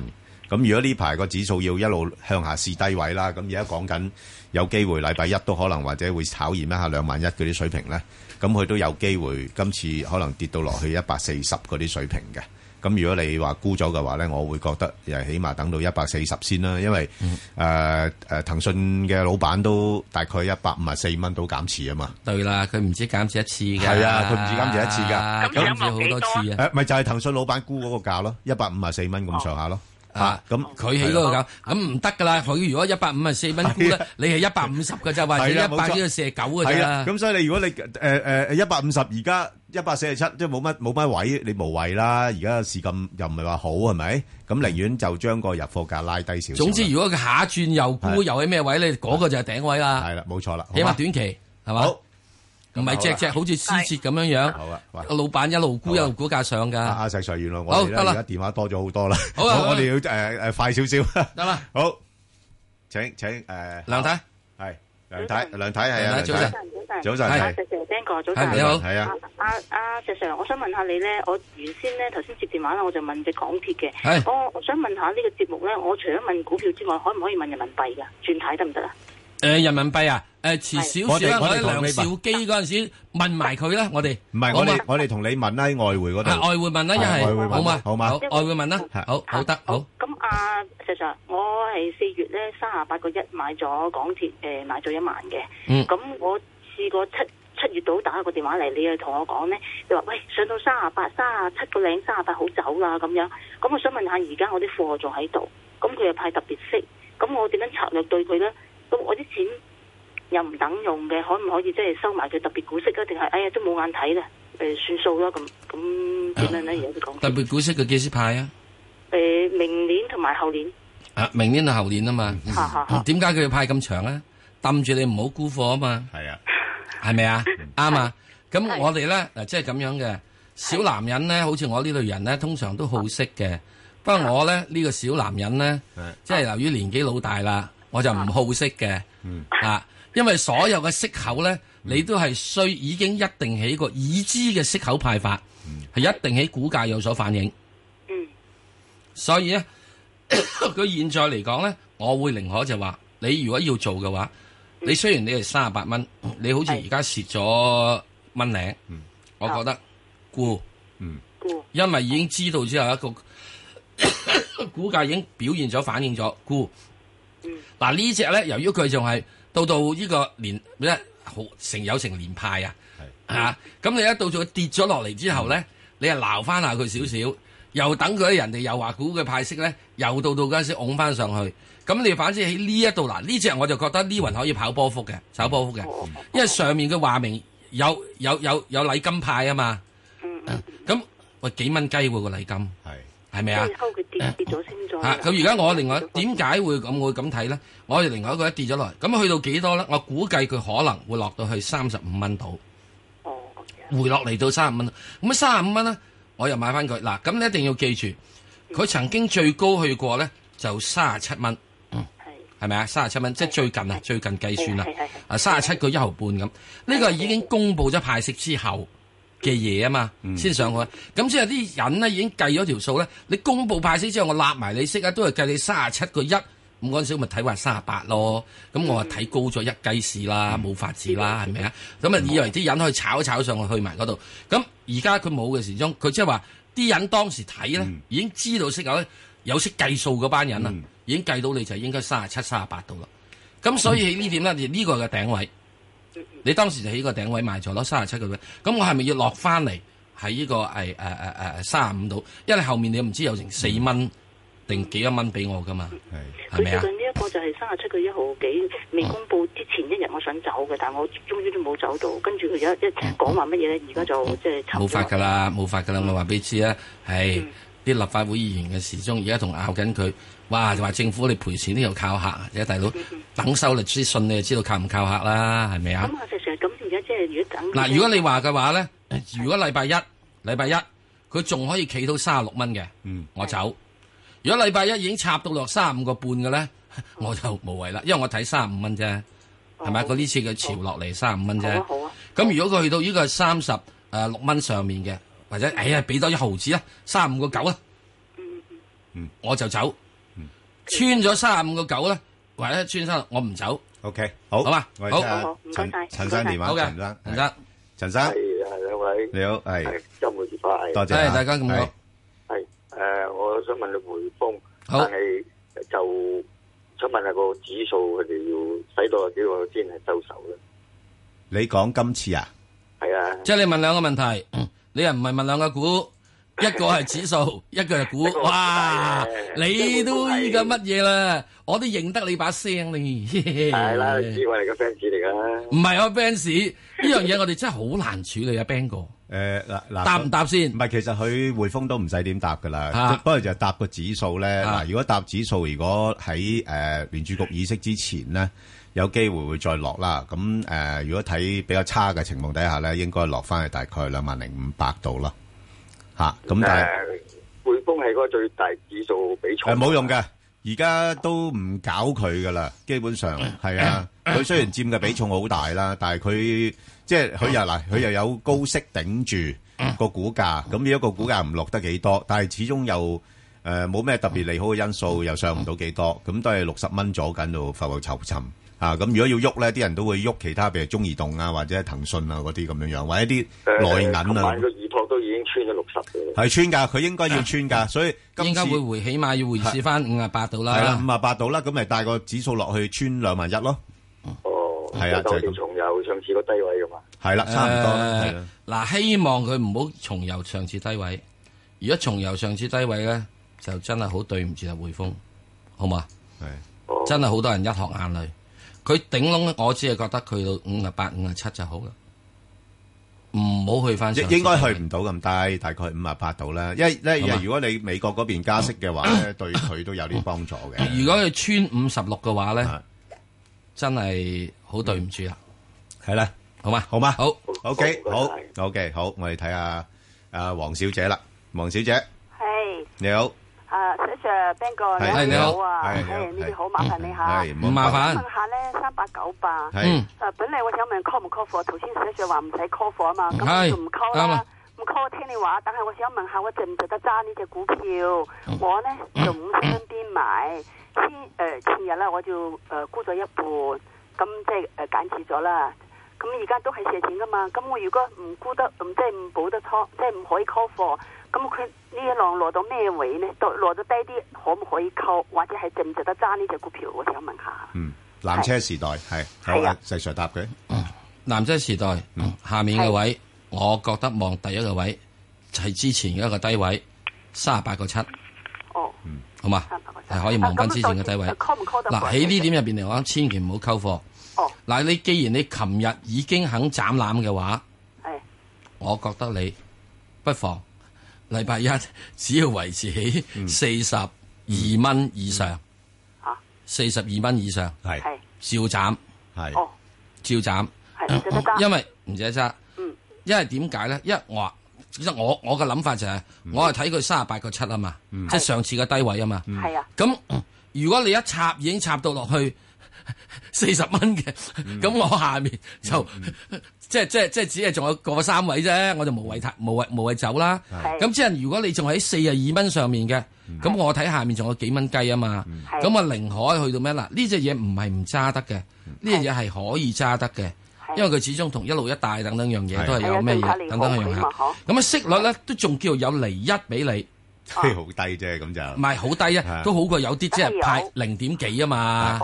咁、嗯、如果呢排個指數要一路向下試低位啦，咁而家講緊有機會禮拜一都可能或者會考驗一下兩萬一嗰啲水平咧，咁、嗯、佢都有機會今次可能跌到落去一百四十嗰啲水平嘅。咁如果你話估咗嘅話咧，我會覺得誒起碼等到一百四十先啦，因為誒誒騰訊嘅老闆都大概一百五十四蚊都減持啊嘛。對啦，佢唔止減持一次㗎。係啊，佢唔止減持一次㗎，咁唔止好多次啊。誒，咪就係騰訊老闆估嗰個價咯，一百五十四蚊咁上下咯。嚇，咁佢起嗰個價，咁唔得㗎啦。佢如果一百五十四蚊估咧，你係一百五十嘅就或者一百四九嘅啦。係啦，咁所以你如果你誒誒一百五十而家。一百四十七，即係冇乜冇乜位，你無謂啦。而家市咁又唔係話好係咪？咁寧願就將個入貨價拉低少少。總之，如果佢下一轉又沽，又喺咩位咧？嗰個就係頂位啦。係啦，冇錯啦。起碼短期係嘛，唔係只只好似撕折咁樣樣。好啊，老闆一路沽，一路股價上噶。阿石 Sir，原來我咧而家電話多咗好多啦。好，我哋要誒誒快少少。得啦，好，請請誒梁太係梁太梁太係啊梁總。早晨，阿石 Sir 聽過，早晨你好，阿阿阿石 Sir，我想問下你咧，我原先咧頭先接電話啦，我就問隻港鐵嘅，我我想問下呢個節目咧，我除咗問股票之外，可唔可以問人民幣嘅轉睇得唔得啊？誒，人民幣啊，誒，遲少少啦，我我梁兆基嗰陣時問埋佢啦，我哋唔係我哋我哋同你問啦，喺外匯嗰度，啊，外匯問啦，一係，好嘛，好嘛，外匯問啦，好，好得，好。咁阿石 Sir，我係四月咧三十八個一買咗港鐵，誒，買咗一萬嘅，咁我。試過七七月度打個電話嚟，你又同我講咧，你話喂，上到卅八、卅七個零、卅八好走啦咁樣。咁我想問下，而家我啲貨仲喺度，咁佢又派特別息，咁我點樣策略對佢咧？咁我啲錢又唔等用嘅，可唔可以即係收埋佢特別股息啊？定係哎呀都冇眼睇啦？誒，算數啦咁，咁點樣咧？而家講特別股息佢幾時派啊？誒，uh, 明年同埋後年啊，明年同後年啊嘛。點解佢要派咁長啊？抌住你唔好沽貨啊嘛。係啊。係咪啊？啱啊！咁 [LAUGHS] 我哋咧，嗱、就是，即係咁樣嘅小男人咧，好似我呢類人咧，通常都好色嘅。不過我咧呢、呢個小男人咧，即係由於年紀老大啦，我就唔好色嘅。嗯，啊，因為所有嘅息口咧，嗯、你都係需已經一定起過已知嘅息口派發，係、嗯、一定喺股價有所反映。嗯，所以咧，佢 [LAUGHS] 現在嚟講咧，我會寧可就話，你如果要做嘅話。你雖然你係三十八蚊，你好似而家蝕咗蚊零，嗯、我覺得沽，啊、孤嗯，沽，因為已經知道之後一個 [COUGHS] 股價已經表現咗反映咗沽。嗱、嗯啊這個、呢隻咧，由於佢仲係到到呢個年，咩好成有成連派啊，係、嗯、啊，咁、嗯嗯、你一到咗跌咗落嚟之後咧，嗯、你點點、嗯、又鬧翻下佢少少，又等佢人哋又話股嘅派息咧，又到到陣時拱翻上去。咁你反正喺呢一度嗱，呢隻我就覺得呢輪可以跑波幅嘅，走波幅嘅，哦、因為上面嘅話明有有有有禮金派啊嘛。嗯嗯。咁、嗯、喂，幾蚊雞喎個禮金？係係咪啊？收佢跌跌咗先咁，而家我另外點解、嗯嗯、會咁會咁睇咧？我哋另外一個一跌咗落嚟，咁去到幾多咧？我估計佢可能會落到去三十五蚊度。哦。嗯、回落嚟到三十五蚊，咁三十五蚊咧，我又買翻佢嗱。咁你一定要記住，佢、嗯、曾經最高去過咧就三十七蚊。係咪啊？三十七蚊，即係最近啊，的最近計算啦，啊，三十七個一毫半咁。呢個已經公布咗派息之後嘅嘢啊嘛，先、嗯、上去。咁即係啲人呢已經計咗條數咧。你公布派息之後，我立埋你息啊，都係計你三十七個一。咁嗰陣時咪睇話三十八咯。咁我話睇高咗一計市啦，冇法子啦，係咪啊？咁啊，以為啲人可以炒一炒上去，去埋嗰度。咁而家佢冇嘅時鐘，佢即係話啲人當時睇咧，嗯、已經知道識有有識計數嗰班人啊。嗯已經計到你就應該三十七、三十八度啦。咁所以喺呢點咧，呢、嗯、個嘅頂位，嗯、你當時就喺個頂位賣咗咯，三十七個位。咁我係咪要落翻嚟喺呢個誒誒誒誒三十五度？因為後面你唔知有成四蚊定幾多蚊俾我噶嘛？係，係咪呢一個就係三十七個一毫幾未公佈之前一日，我想走嘅，但係我終於都冇走到。跟住佢一一講話乜嘢咧？而家就即係冇法噶啦，冇法噶啦，嗯、我話俾你知啊，係。啲立法會議員嘅時鐘，而家同拗緊佢，哇！就話政府你賠錢都要靠客，而家大佬 [LAUGHS] 等收律師信，你就知道靠唔靠客啦，係咪啊？咁我就成咁而家即係如果嗱，如果你話嘅話咧，如果禮拜一禮拜一佢仲可以企到三十六蚊嘅，嗯，我走。是的 如果禮拜一已經插到落三十五個半嘅咧，我就無謂啦，因為我睇三十五蚊啫，係咪、哦？佢呢、哦、次嘅潮落嚟三十五蚊啫，好啊咁、啊、如果佢去到呢個三十誒六蚊上面嘅？或者哎呀，俾多一毫子啦，三十五個九啦，嗯，嗯，我就走，嗯，穿咗三十五個九咧，或者穿生，我唔走，OK，好，好嘛，好，好，唔該晒。陳生電話，陳生，陳生，係。係兩位，你好，係，周末愉快，多謝，大家咁話。係，誒，我想問你匯豐，但係就想問下個指數，佢哋要使到幾多先係收手咧？你講今次啊？係啊，即係你問兩個問題。你又唔係問兩個股，一個係指數，一個係股，哇！你都依個乜嘢啦？我都認得你把聲，你係啦，知我係個 fans 嚟噶。唔係我 fans 呢樣嘢，我哋真係好難處理啊！Ben 哥，誒嗱嗱，答唔答先？唔係，其實佢匯豐都唔使點答噶啦，不過就係答個指數咧。嗱，如果答指數，如果喺誒聯儲局議息之前咧。有機會會再落啦，咁誒，如果睇比較差嘅情況底下咧，應該落翻去大概兩萬零五百度啦，嚇。咁但係，匯豐係個最大指數比重，誒冇用嘅，而家都唔搞佢噶啦，基本上係啊，佢雖然佔嘅比重好大啦，但係佢即係佢又嗱，佢又有高息頂住個股價，咁一個股價唔落得幾多，但係始終又誒冇咩特別利好嘅因素，又上唔到幾多，咁都係六十蚊左緊度浮浮沉。啊，咁如果要喐咧，啲人都會喐其他，譬如中移動啊，或者騰訊啊嗰啲咁樣樣，或者啲內銀啊。個耳托都已經穿咗六十嘅。係穿㗎，佢應該要穿㗎，啊、所以今應該會回，起碼要回試翻五十八度啦。係啦，五十八度啦，咁咪帶個指數落去穿兩萬一咯。哦，係啊，啊，就係重遊上次個低位啊嘛。係啦、呃，差唔多。嗱、啊呃呃，希望佢唔好重遊上次低位。如果重遊上次低位咧，就真係好對唔住啊，匯豐，好嘛？係是，哦、真係好多人一殼眼淚。佢頂籠咧，我只係覺得佢到五十八、五十七就好啦，唔好去翻。應應該去唔到咁低，大概五十八度啦。因為咧嗎如果你美國嗰邊加息嘅話咧， [COUGHS] 對佢都有啲幫助嘅。如果去穿五十六嘅話咧， [COUGHS] 真係、嗯、好對唔住啦。係啦嗎，好嘛，好嘛，好。OK，好，OK，好。我哋睇下阿黃小姐啦，黃小姐，係 Hey. 你好。啊 Sir、Ban 哥，你好啊，誒、hey, 啊，你哋、hey, 好麻煩你下，唔麻煩。問下咧，三八九八。嗯。誒，本嚟我想問 call 唔 call 貨，頭先 Sir 話唔使 call 貨啊嘛，咁就唔 call 啦，唔 Hey. call 我聽你話。但係我想問下，我淨值唔值得揸呢隻股票？Hey. 我咧就唔身邊買，前誒 Hey.、呃、前日啦，我就誒沽咗一半，咁、嗯、即係誒減持咗啦。咁而家都係蝕錢噶嘛，咁、嗯、我如果唔沽得，唔即係唔補得倉，即係唔可以 call 貨、嗯，咁、嗯、佢。嗯嗯嗯嗯嗯呢一浪落到咩位呢？到落到低啲，可唔可以溝？或者係值唔值得揸呢隻股票？我想問下。嗯，南車時代係係啊，是誰答嘅？嗯，南車時代，嗯時代嗯、下面嘅位，啊、我覺得望第一個位，係、就是、之前嘅一個低位，7, 哦、吧三十八個七。哦，好嘛，三八個七係可以望返之前嘅低位。嗱、啊，喺呢、啊、點入邊嚟講，千祈唔好溝貨。哦，嗱、啊，你既然你琴日已經肯斬纜嘅話，係、啊，我覺得你不妨。禮拜一只要維持喺四十二蚊以上，吓四十二蚊以上係，係照斬，係照斬，唔因為唔使加，嗯，因為點解咧？因為我其實我我嘅諗法就係，我係睇佢三十八個七啊嘛，即係上次嘅低位啊嘛，係啊，咁如果你一插已經插到落去。四十蚊嘅，咁、嗯、 [LAUGHS] 我下面就、嗯嗯、 [LAUGHS] 即係即係即係只係仲有嗰三位啫，我就無謂無謂無謂走啦。咁是即係如果你仲喺四十二蚊上面嘅，咁是我睇下面仲有幾蚊雞啊嘛。咁啊是，寧可去到咩啦？呢隻嘢唔係唔揸得嘅，呢隻嘢係可以揸得嘅，是因為佢始終同一路一帶等等樣嘢都係有咩嘢等等樣嘢。咁啊、嗯嗯嗯、息率咧都仲叫做有離一俾你。非好低啫，咁就唔係好低啊，都好過有啲即係派零點幾啊嘛，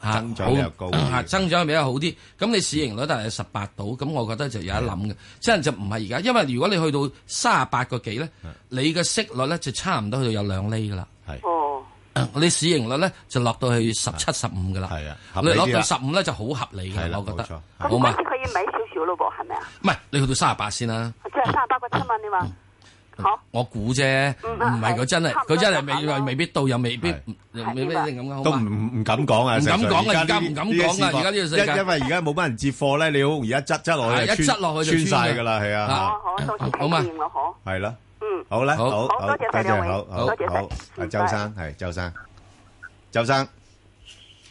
增長又高，增長又比較好啲。咁你市盈率都係十八度，咁我覺得就有得諗嘅。即係就唔係而家，因為如果你去到三十八個幾咧，你嘅息率咧就差唔多去到有兩厘噶啦。哦，你市盈率咧就落到去十七十五噶啦。係啊，你落到十五咧就好合理嘅，我覺得。咁好似佢要買少少咯噃，係咪啊？唔係，你去到三十八先啦。即係三十八個七蚊，你話？我估啫，唔係佢真係，佢真係未話未必到，又未必，未必咁講，都唔唔敢講啊！唔敢講啊！而家唔敢講啊！而家呢個時間，因因為而家冇乜人接貨咧，你好，而家側側落去，一側落去穿晒噶啦，係啊，好，多謝你，唔好，係啦，嗯，好啦，好，好，多謝，多謝，好，多謝，好，阿周生，係周生，周生，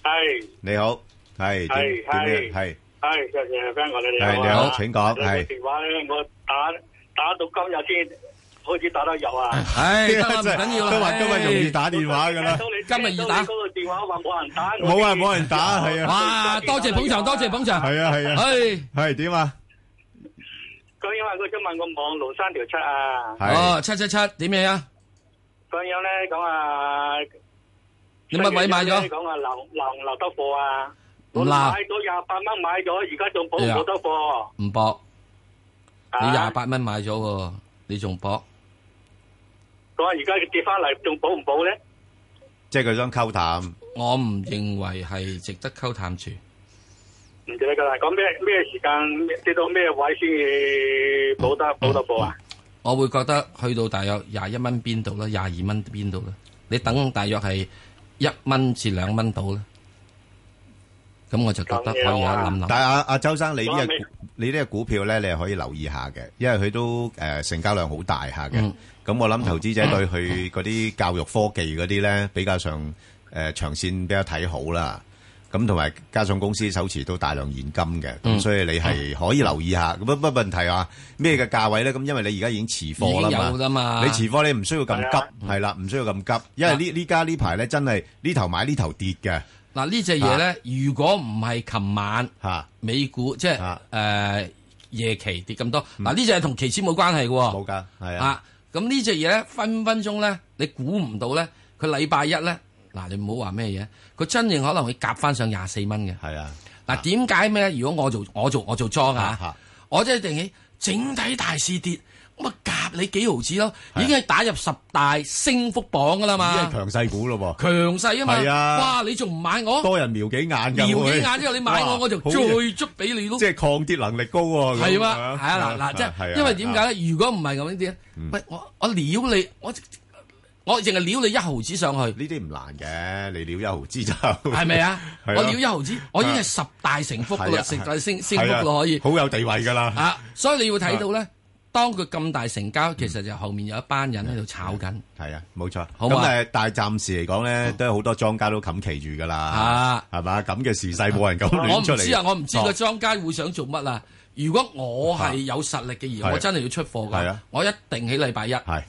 係你好，係點咩？係，係，謝謝，friend，我哋你好，請講，電話咧，我打打到今日先。開始打得油啊！唉，真係都話今日容易打電話噶啦。今日要打嗰個電話話冇人打，冇啊冇人打係啊！哇，多謝捧場，多謝捧場，係啊係啊，係係點啊？佢因為佢想問個網絡三條七啊。哦，七七七點樣啊？咁樣咧，講啊，你咪咪買咗？講啊，留留留得貨啊！我買咗廿八蚊買咗，而家仲博冇得貨。唔博，你廿八蚊買咗喎，你仲博？講下而家跌翻嚟仲補唔補咧？補補呢即係佢想溝淡，我唔認為係值得溝淡住。唔知得講嚟講咩咩時間跌到咩位先至補得補得補啊？嗯嗯、我會覺得去到大約廿一蚊邊度咧，廿二蚊邊度咧？你等大約係一蚊至兩蚊到咧，咁我就覺得可以諗諗。但係阿阿周生，你呢、這個你呢個股票咧，你係可以留意下嘅，因為佢都誒、呃、成交量好大下嘅。嗯咁我諗投資者對佢嗰啲教育科技嗰啲咧，比較上誒、呃、長線比較睇好啦。咁同埋加上公司手持到大量現金嘅，咁所以你係可以留意下。咁乜乜問題啊？咩嘅價位咧？咁因為你而家已經持貨啦嘛，你持貨你唔需要咁急，係啦、啊、唔、啊、需要咁急。因為呢呢家呢排咧真係呢頭買頭、啊啊、呢頭跌嘅。嗱呢隻嘢咧，如果唔係琴晚吓美股即係誒夜期跌咁多，嗱呢隻係同期指冇關係嘅，冇噶係啊。咁呢隻嘢咧分分鐘咧，你估唔到咧，佢禮拜一咧，嗱你唔好話咩嘢，佢真正可能會夾翻上廿四蚊嘅。係啊，嗱點解咩？如果我做我做我做莊嚇、啊，啊啊、我即係定喺整體大市跌。咁啊，夾你幾毫子咯，已經係打入十大升幅榜噶啦嘛，已經係強勢股咯喎，強勢啊嘛，哇，你仲唔買我，多人瞄幾眼咁，瞄幾眼之後你買我，我就再捉俾你咯，即係抗跌能力高喎，係嘛，係啊，嗱嗱，即係，因為點解咧？如果唔係咁樣點咧？我我撩你，我我淨係撩你一毫子上去，呢啲唔難嘅，你撩一毫子就係咪啊？我撩一毫子，我已經係十大升幅啦，十大升升幅啦，可以，好有地位噶啦，啊，所以你要睇到咧。當佢咁大成交，其實就後面有一班人喺度炒緊。係啊，冇錯。好嘛，但係但係暫時嚟講咧，都係好多莊家都冚期住噶啦。係啊，係嘛？咁嘅時勢冇人敢亂出嚟。我唔知啊，我唔知個莊家會想做乜啦。如果我係有實力嘅，而我真係要出貨嘅，我一定喺禮拜一。係。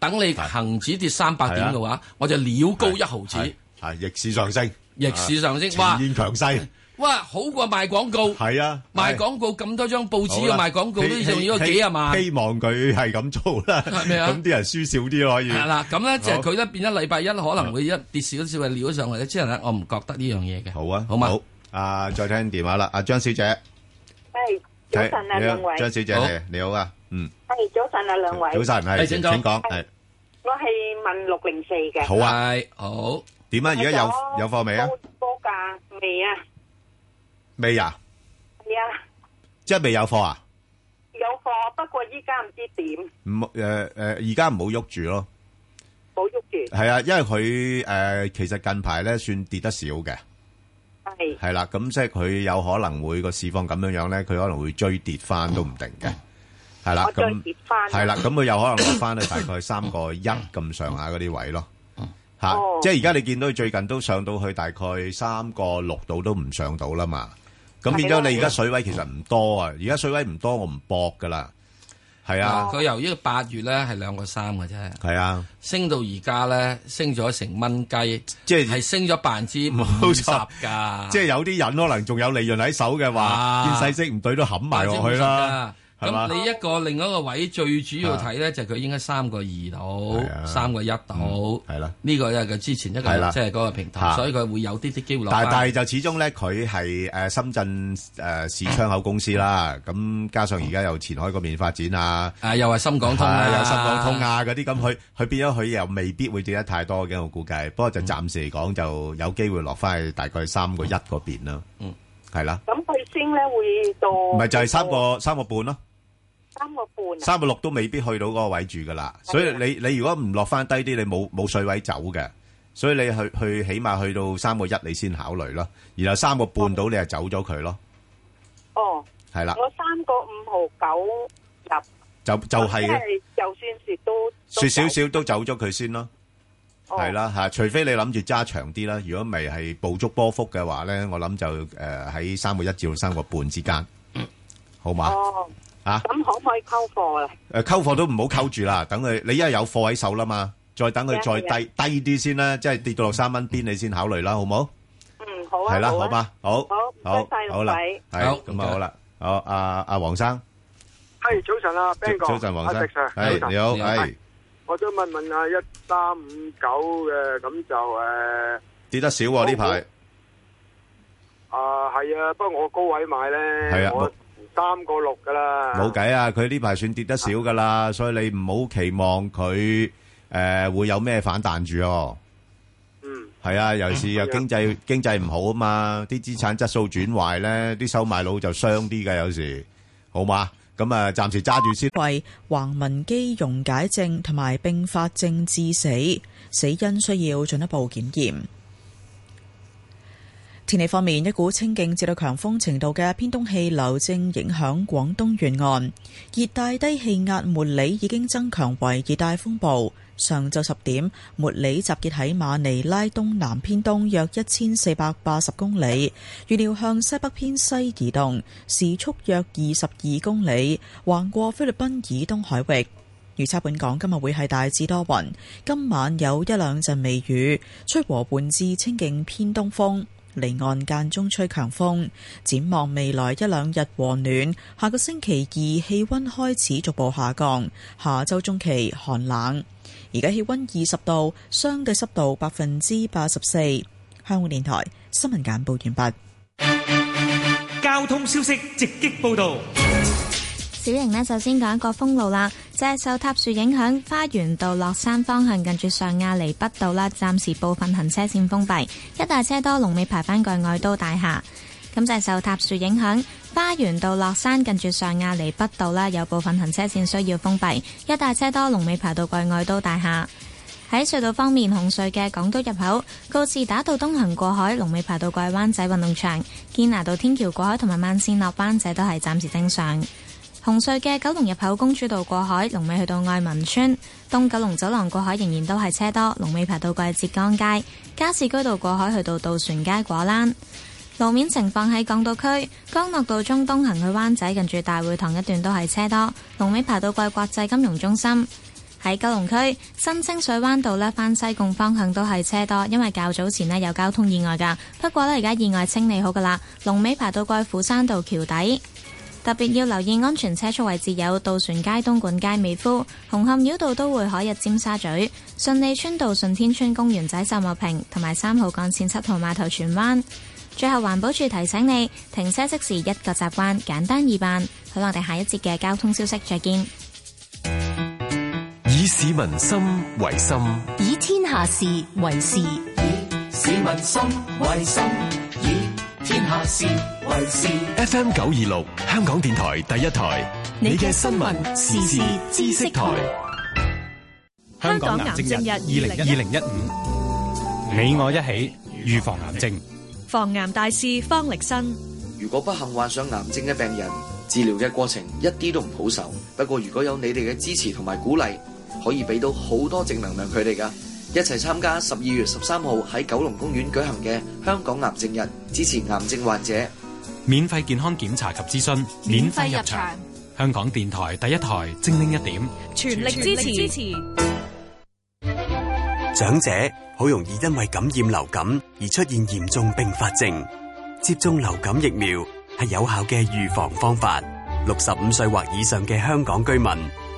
等你恆指跌三百點嘅話，我就撩高一毫子。係逆市上升。逆市上升。哇！現強勢。哇，好過賣廣告係啊！賣廣告咁多張報紙，要賣廣告都仲要個幾啊萬？希望佢係咁做啦。咁啲人輸少啲可以。係啦，咁咧，即係佢咧變咗禮拜一可能會一跌少少啊，撩咗上嚟之後咧，我唔覺得呢樣嘢嘅。好啊，好嘛。好啊，再聽電話啦，阿張小姐。喂，早晨啊，兩位。張小姐，你好啊，嗯。係早晨啊，兩位。早晨係，請講。我係問六零四嘅。好啊，好。點啊？而家有有貨未啊？貨價未啊？未呀？未啊，即係未有貨啊？有貨，不過依家唔知點。唔誒誒，而家唔好喐住咯。冇喐住。係啊，因為佢誒，其實近排咧算跌得少嘅。係。係啦，咁即係佢有可能會個市況咁樣樣咧，佢可能會追跌翻都唔定嘅。係啦，咁。再跌翻。係啦，咁佢有可能落翻去大概三個一咁上下嗰啲位咯。哦。吓，即係而家你見到佢最近都上到去大概三個六度都唔上到啦嘛。咁變咗你而家水位其實唔多啊，而家水位唔多，我唔搏噶啦，係啊。佢由於八月咧係兩個三嘅啫，係啊，升到而家咧升咗成蚊雞，即係係升咗百分之五十㗎，即係有啲人可能仲有利潤喺手嘅話，見勢色唔對都冚埋落去啦。咁，你一個，另一個位，最主要睇呢，就，佢應該三個二度，三個一度。係啦。呢個一定，佢之前一個，即係嗰個平台。所以佢會有啲啲機會。但，但，就，始終呢，佢係，呃，深圳，呃，市窗口公司啦。咁，加上而家又前海嗰面發展啊。三個半，三個六都未必去到嗰個位住噶啦，所以你你如果唔落翻低啲，你冇冇水位走嘅，所以你去去起碼去到三個一，你先考慮咯，然後三個半到你就走咗佢咯。哦，係啦，我三個五毫九入，就就係嘅，即係就算蝕都，少少都走咗佢先咯，係啦吓，除非你諗住揸長啲啦，如果未係捕捉波幅嘅話咧，我諗就誒喺三個一至到三個半之間，好嘛？吓，咁可唔可以溝貨咧？誒，溝貨都唔好溝住啦，等佢你因為有貨喺手啦嘛，再等佢再低低啲先啦，即係跌到六三蚊邊你先考慮啦，好唔好？嗯，好啊，係啦，好嘛，好，好唔該晒兩位，好咁啊，好啦，好阿阿黃生，係早晨啊，Ben 哥，早晨黃生，係你好，係，我想問問啊，一三五九嘅咁就誒，跌得少喎呢排，啊係啊，不過我高位買咧，我。三個六噶啦，冇計啊！佢呢排算跌得少噶啦，啊、所以你唔好期望佢誒、呃、會有咩反彈住、哦。嗯，係啊，尤其是經濟經濟唔好啊嘛，啲資產質素轉壞咧，啲收買佬就傷啲噶，有時好嘛？咁、嗯、啊，暫時揸住先。因為橫紋肌溶解症同埋併發症致死，死因需要進一步檢驗。天氣方面，一股清勁至到強風程度嘅偏東氣流正影響廣東沿岸。熱帶低氣壓莫里已經增強為熱帶風暴。上晝十點，莫里集結喺馬尼拉東南偏東約一千四百八十公里，預料向西北偏西移動，時速約二十二公里，橫過菲律賓以東海域。預測本港今日會係大致多雲，今晚有一兩陣微雨，吹和緩至清勁偏東風。離岸間中吹強風，展望未來一兩日和暖，下個星期二氣温開始逐步下降，下周中期寒冷。而家氣温二十度，相對濕度百分之八十四。香港電台新聞簡報完畢。交通消息直擊報道。小瑩呢，首先講一個封路啦。就係受塌樹影響，花園道落山方向近住上亞厘畢道啦，暫時部分行車線封閉。一大車多，龍尾排返過外都大廈。咁就係受塌樹影響，花園道落山近住上亞厘畢道啦，有部分行車線需要封閉。一大車多，龍尾排到過外都大廈。喺隧道方面，紅隧嘅港島入口告士打道東行過海，龍尾排到過灣仔運動場；堅拿道天橋過海同埋慢線落灣仔都係暫時正常。紅隧嘅九龍入口公主道過海，龍尾去到愛民村東九龍走廊過海，仍然都係車多，龍尾排到過去浙江街。加士居道過海去到渡船街果欄路面情況。喺港島區，干諾道中東，東行去灣仔，近住大會堂一段都係車多，龍尾排到過國際金融中心。喺九龍區新清水灣道呢，返西貢方向都係車多，因為較早前呢有交通意外噶，不過呢，而家意外清理好噶啦，龍尾排到過斧山道橋底。特別要留意安全車速位置有渡船街、東莞街、美孚、紅磡繞道、都會海逸、尖沙咀、順利村道順、順天村公園仔、秀茂坪同埋三號幹線、七號碼頭荃灣。最後環保處提醒你，停車熄匙一個習慣，簡單易辦。好，我哋下一節嘅交通消息再見。以市民心為心，以天下事為事。以市民心為心。F M 九二六香港電台第一台，你嘅新聞時事時知識台。香港癌症日二零二零一五，你我一起預防癌症。防癌大使方力申。如果不幸患上癌症嘅病人，治療嘅過程一啲都唔好受。不過如果有你哋嘅支持同埋鼓勵，可以俾到好多正能量佢哋噶。一齊參加十二月十三號喺九龍公園舉行嘅香港癌症日，支持癌症患者免費健康檢查及諮詢，免費入場。香港電台第一台精靈一點，全力支持。長者好容易因為感染流感而出現嚴重併發症，接種流感疫苗係有效嘅預防方法。六十五歲或以上嘅香港居民。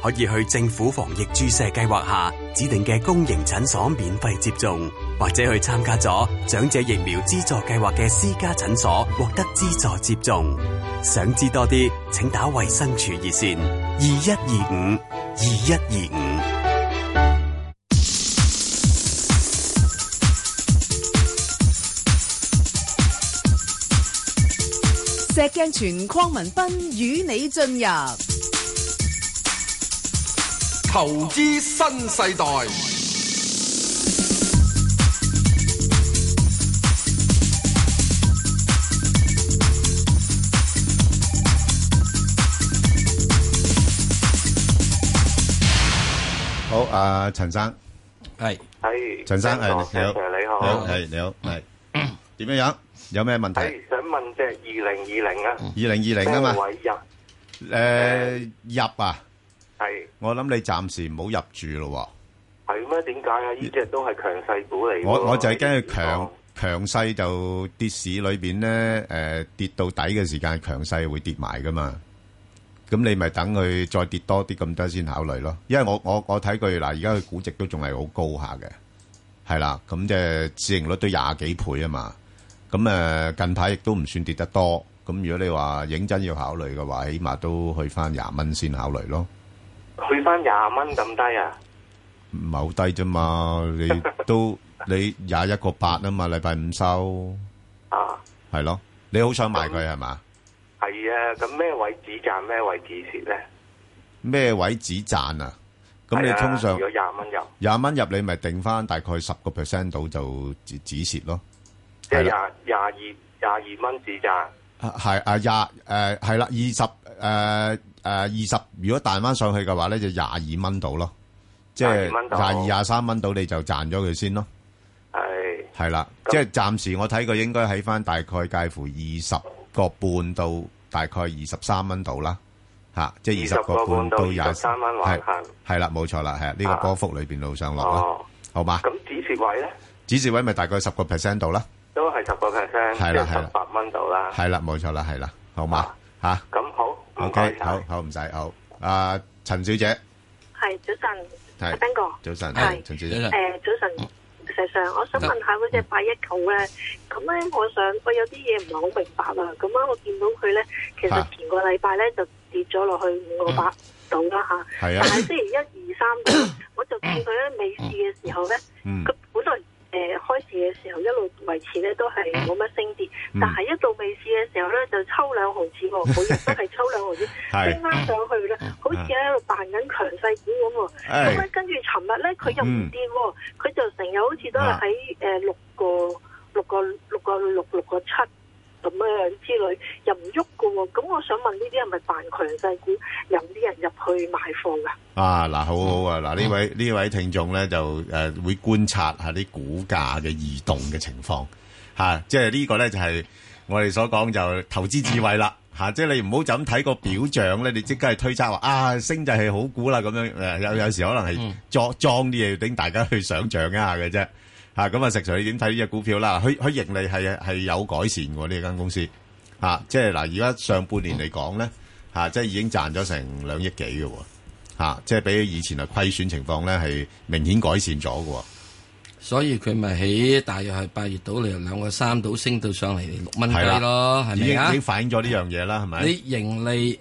可以去政府防疫注射計劃下指定嘅公營診所免費接種，或者去參加咗長者疫苗資助計劃嘅私家診所獲得資助接種。想知多啲，請打衛生署熱線二一二五二一二五。21 25, 21 25。石鏡泉、鄺民彬與你進入投資新世代。好，阿陳生，係，係，陳生，係你好，你好，係你好，係，點樣樣？有咩問題？係想問即係二零二零啊，二零二零啊嘛，委入，誒入啊。係，我諗你暫時唔好入住咯。係咩？點解啊？呢隻都係強勢股嚟嘅。我我就係驚佢強強勢就跌市裏邊咧。誒、呃，跌到底嘅時間，強勢會跌埋噶嘛？咁你咪等佢再跌多啲咁多先考慮咯。因為我我我睇佢，嗱，而家佢估值都仲係好高下嘅，係啦。咁即係市盈率都廿幾倍啊嘛。咁誒、呃，近排亦都唔算跌得多。咁如果你話認真要考慮嘅話，起碼都去翻廿蚊先考慮咯。去翻廿蚊咁低啊？唔係好低啫嘛，你都你廿一個八啊嘛，禮拜五收啊，係咯，你好想買佢係嘛？係啊，咁咩位止賺，咩位止蝕咧？咩位止賺啊？咁你通常、啊、如果廿蚊入，廿蚊入你咪定翻大概十個 percent 度就止止蝕咯，即係廿廿二廿二蚊止賺。係啊，廿誒，係啦，二十誒。誒，二十如果彈翻上去嘅話咧，就廿二蚊度咯，即係廿二、廿三蚊度，你就賺咗佢先咯。係係啦，即係暫時我睇佢應該喺翻大概介乎二十個半到大概二十三蚊度啦，吓，即係二十個半到廿三蚊。係係啦，冇錯啦，係啊，呢個波幅裏邊度上落咯，好嘛？咁止蝕位咧？止蝕位咪大概十個 percent 度啦，都係十個 percent，即係十八蚊度啦。係啦，冇錯啦，係啦，好嘛？吓，咁好。OK，好好唔使好。阿陳小姐，係早晨，係邊個？早晨，係陳小姐。誒，早晨，石生，我想問下嗰隻八一九咧，咁咧，我想我有啲嘢唔係好明白啦。咁啱我見到佢咧，其實前個禮拜咧就跌咗落去五個八檔噶吓。係啊。但係雖然一二三，我就見佢咧尾市嘅時候咧，佢本來。誒、呃，開市嘅時候一路維持咧都係冇乜升跌，嗯、但係一到尾市嘅時候咧就抽兩毫子喎、哦，好似都係抽兩毫子， [LAUGHS] 升翻上去咧，嗯、好似喺度扮緊強勢股咁。咁咧、哎嗯、跟住尋日咧佢又唔跌喎、哦，佢、嗯、就成日好似都係喺誒六個六個六個六六個七。咁樣之類又唔喐㗎喎，咁我想問呢啲係咪扮強勢股引啲人入去買貨㗎？啊嗱，好好啊，嗱，呢位呢位聽眾咧就誒會觀察下啲股價嘅移動嘅情況嚇，即係呢個咧就係我哋所講就投資智慧啦嚇，即係你唔好就咁睇個表象咧，你即刻係推測話啊升就係好股啦咁樣誒，有有時可能係裝裝啲嘢，要等大家去想像一下嘅啫。啊，咁啊，石 Sir，你點睇呢隻股票啦？佢佢盈利係係有改善喎，呢間公司，啊，即係嗱，而、啊、家上半年嚟講咧，啊，即係已經賺咗成兩億幾嘅喎，即係比起以前嘅虧損情況咧係明顯改善咗嘅。所以佢咪起大約係八月到嚟兩個三到升到上嚟六蚊雞咯，係咪、啊、吧已，已經反映咗呢樣嘢啦，係咪、啊？吧你盈利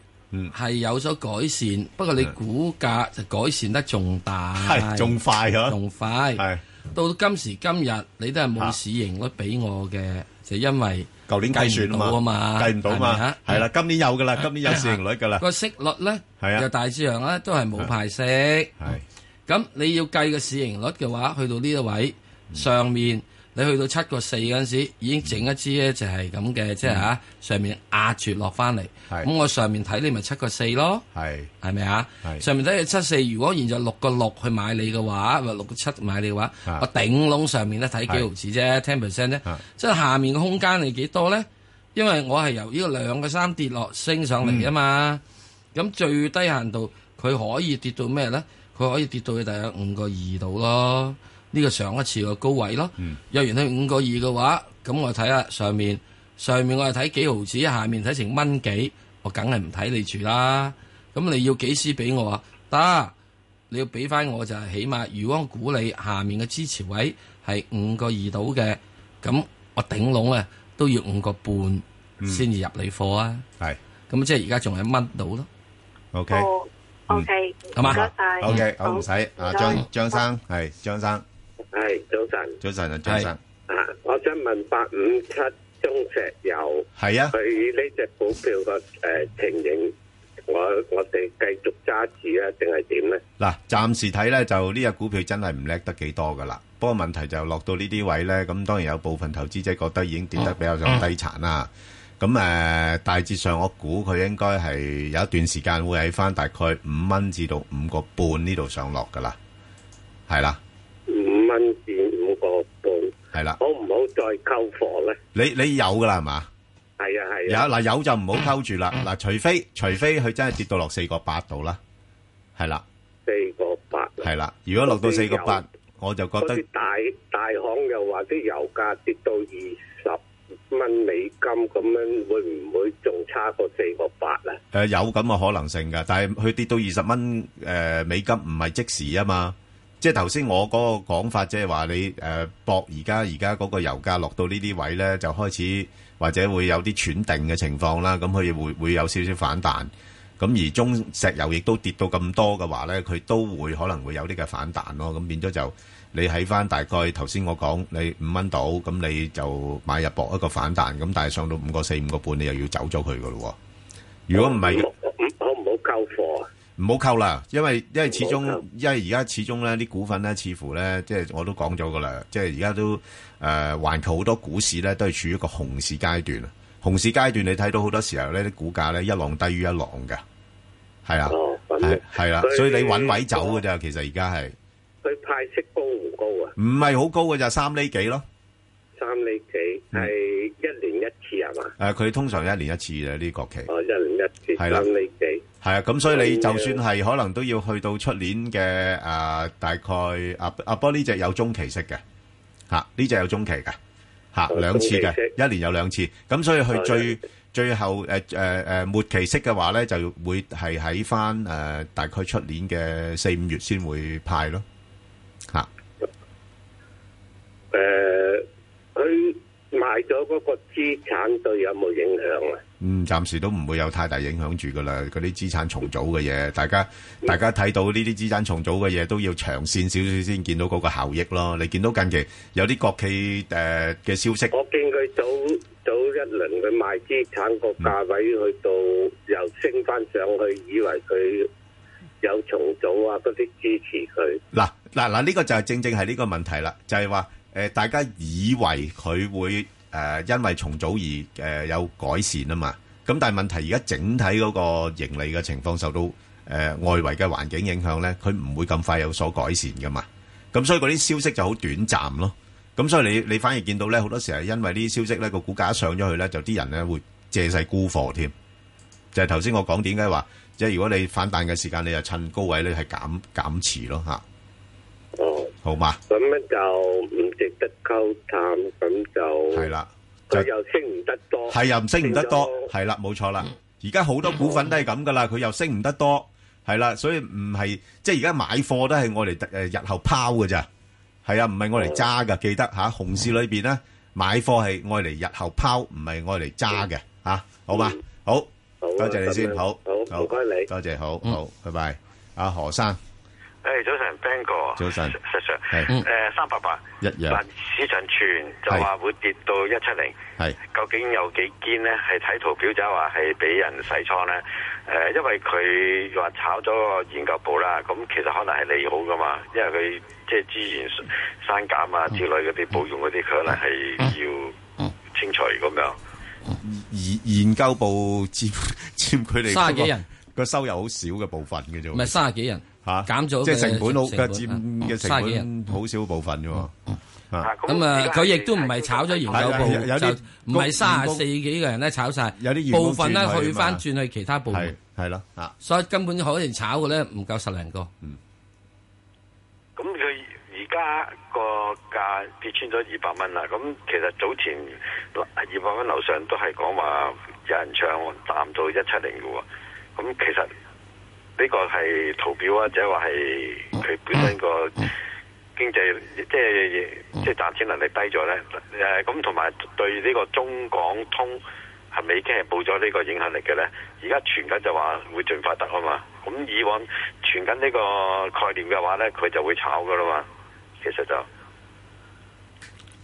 係有所改善，嗯、不過你股價就改善得仲大，係仲、嗯啊、快仲快係。是到今時今日，你都係冇市盈率俾我嘅。就因為舊年計算冇啊嘛，計唔到啊嘛，係啦，今年有噶啦，今年有市盈率噶啦。個息率咧就大致上咧都係冇派息，係咁你要計個市盈率嘅話，去到呢一位上面。你去到七個四嗰陣時，已經整一支咧，就係咁嘅，即係嚇上面壓住落翻嚟。咁是我上面睇你咪七個四咯，係咪啊？吧是上面睇你七四，如果現在六個六去買你嘅話，六個七買你嘅話，啊、我頂籠上面咧睇幾毫子啫，ten percent 啫。啊、即係下面嘅空間係幾多咧？因為我係由呢個兩個三跌落升上嚟啊嘛。咁、嗯、最低限度佢可以跌到咩咧？佢可以跌到去大約五個二度咯。呢個上一次個高位咯，若然係五個二嘅話，咁我睇下、啊、上面，上面我係睇幾毫子，下面睇成蚊幾，我梗係唔睇你住啦。咁你要幾時俾我啊？得，你要俾翻我就係起碼如果估你下面嘅支持位係五個二到嘅，咁我頂籠啊都要五個半先至入你貨啊。係、嗯，咁、嗯、即係而家仲係蚊到咯。OK，OK，唔該曬，OK，唔使、嗯 okay, 嗯 okay, 哦、啊張張生係張生。嗯係、hey, 早，早晨，早晨啊，早晨 Hey. 我想問八五七中石油係 [NOISE] 啊，佢呢隻股票個誒情形，我我哋繼續揸住咧，定係點咧？嗱，暫時睇咧就呢隻、這個、股票真係唔叻得幾多噶啦。不過問題就落到呢啲位咧，咁當然有部分投資者覺得已經跌得比較上低殘啦。咁誒、啊呃，大致上我估佢應該係有一段時間會喺翻大概五蚊至到五個半呢度上落噶啦，係啦。分點五個半係啦，好唔好再溝貨咧？你你有噶啦係嘛？係啊係啊，有嗱有就唔好溝住啦。嗱，除非除非佢真係跌到落四個八度啦，係啦，四個八係啦。如果落到四個八，我就覺得大大行又話啲油價跌到二十蚊美金，咁樣會唔會仲差過四個八啊？誒，有咁嘅可能性噶，但係佢跌到二十蚊誒美金唔係即時啊嘛。即係頭先我嗰個講法，即係話你誒博而家而家嗰個油價落到呢啲位咧，就開始或者會有啲喘定嘅情況啦。咁佢會會有少少反彈。咁而中石油亦都跌到咁多嘅話咧，佢都會可能會有啲嘅反彈咯。咁變咗就你喺返大概頭先我講你五蚊度，咁你就買入博一個反彈。咁但係上到五個四、五個半，你又要走咗佢嘅咯。如果唔係，可唔好夠貨啊？唔好扣啦，因為因為始終因為而家始終咧啲股份咧似乎咧即係我都講咗噶啦，即係而家都誒環球好多股市咧都係處於一個熊市階段。熊市階段你睇到好多時候咧啲股價咧一浪低於一浪嘅。係啦係啦，所以你揾位走噶咋，它其實而家係佢派息高唔高啊？唔係好高嘅咋，三厘幾咯，三厘幾係一年一次係嘛？誒、嗯，佢、嗯、通常一年一次嘅呢國企。哦，一年一次、啊、三厘幾。係啊，咁、嗯、所以你就算係可能都要去到出年嘅誒、呃，大概阿阿波呢隻有中期息嘅，吓呢隻有中期嘅吓兩次嘅，一年有兩次。咁所以佢最、哦、最後誒誒誒末期息嘅話咧，就會係喺翻誒大概出年嘅四五月先會派咯，吓、啊。誒、嗯，佢賣咗嗰個資產對有冇影響啊？嗯，暫時都唔會有太大影響住噶啦，嗰啲資產重組嘅嘢，大家大家睇到呢啲資產重組嘅嘢，都要長線少少先見到嗰個效益咯。你見到近期有啲國企誒嘅、呃、消息，我見佢早早一輪佢賣資產，個價位去到又升翻上去，以為佢有重組啊嗰啲支持佢。嗱嗱嗱，呢、呢個就係正正係呢個問題啦，就係話誒，大家以為佢會。誒，因為重組而誒有改善啊嘛，咁但係問題而家整體嗰個盈利嘅情況受到誒外圍嘅環境影響咧，佢唔會咁快有所改善噶嘛，咁所以嗰啲消息就好短暫咯，咁所以你你反而見到咧好多時係因為呢啲消息咧個股價一上咗去咧，就啲人咧會借勢沽貨添，就係頭先我講點解話，即係如果你反彈嘅時間，你就趁高位咧係減減持咯嚇。好嘛？咁咧就唔值得溝淡，咁就係啦。佢又升唔得多，係又唔升唔得多，係啦，冇錯啦。而家好多股份都係咁噶啦，佢又升唔得多，係啦。所以唔係即係而家買貨都係我嚟誒日後拋嘅咋，係啊，唔係我嚟揸嘅。記得嚇，熊市裏邊咧買貨係愛嚟日後拋，唔係愛嚟揸嘅嚇。好嘛，好，多謝你先，好好唔該你，多謝，好好，拜拜，阿何生。誒，早晨，Bang 哥，早晨上 s 石 i Sir ,係是，誒、呃，三百八，一樣，但市場傳就話、是、會跌到一七零，係，究竟有幾堅咧？係睇圖表就話係俾人洗倉咧，誒、呃，因為佢話炒咗個研究部啦，咁其實可能係利好噶嘛，因為佢即係資源刪減啊之類嗰啲，部用嗰啲，可能係要清除咁、嗯嗯、樣。而研究部佔佔佢哋三十幾人個收入好少嘅部分嘅啫，唔係三十幾人。吓減咗，即係成本好，佢佔嘅成本好少部分啫。咁啊，佢亦都唔係炒咗研究部，唔係卅四幾個人咧炒晒，有啲部分咧去翻轉去其他部分。係咯，所以根本可能炒嘅咧唔夠十零個。咁佢而家個價跌穿咗二百蚊啦。咁其實早前二百蚊樓上都係講話有人唱，站到一七零嘅喎。咁其實。呢個係圖表啊，者係話係佢本身個經濟，即係即係賺錢能力低咗咧。誒，咁同埋對呢個中港通係咪已經係報咗呢個影響力嘅咧？而家傳緊就話會盡快得啊嘛。咁以往傳緊呢個概念嘅話咧，佢就會炒噶啦嘛。其實就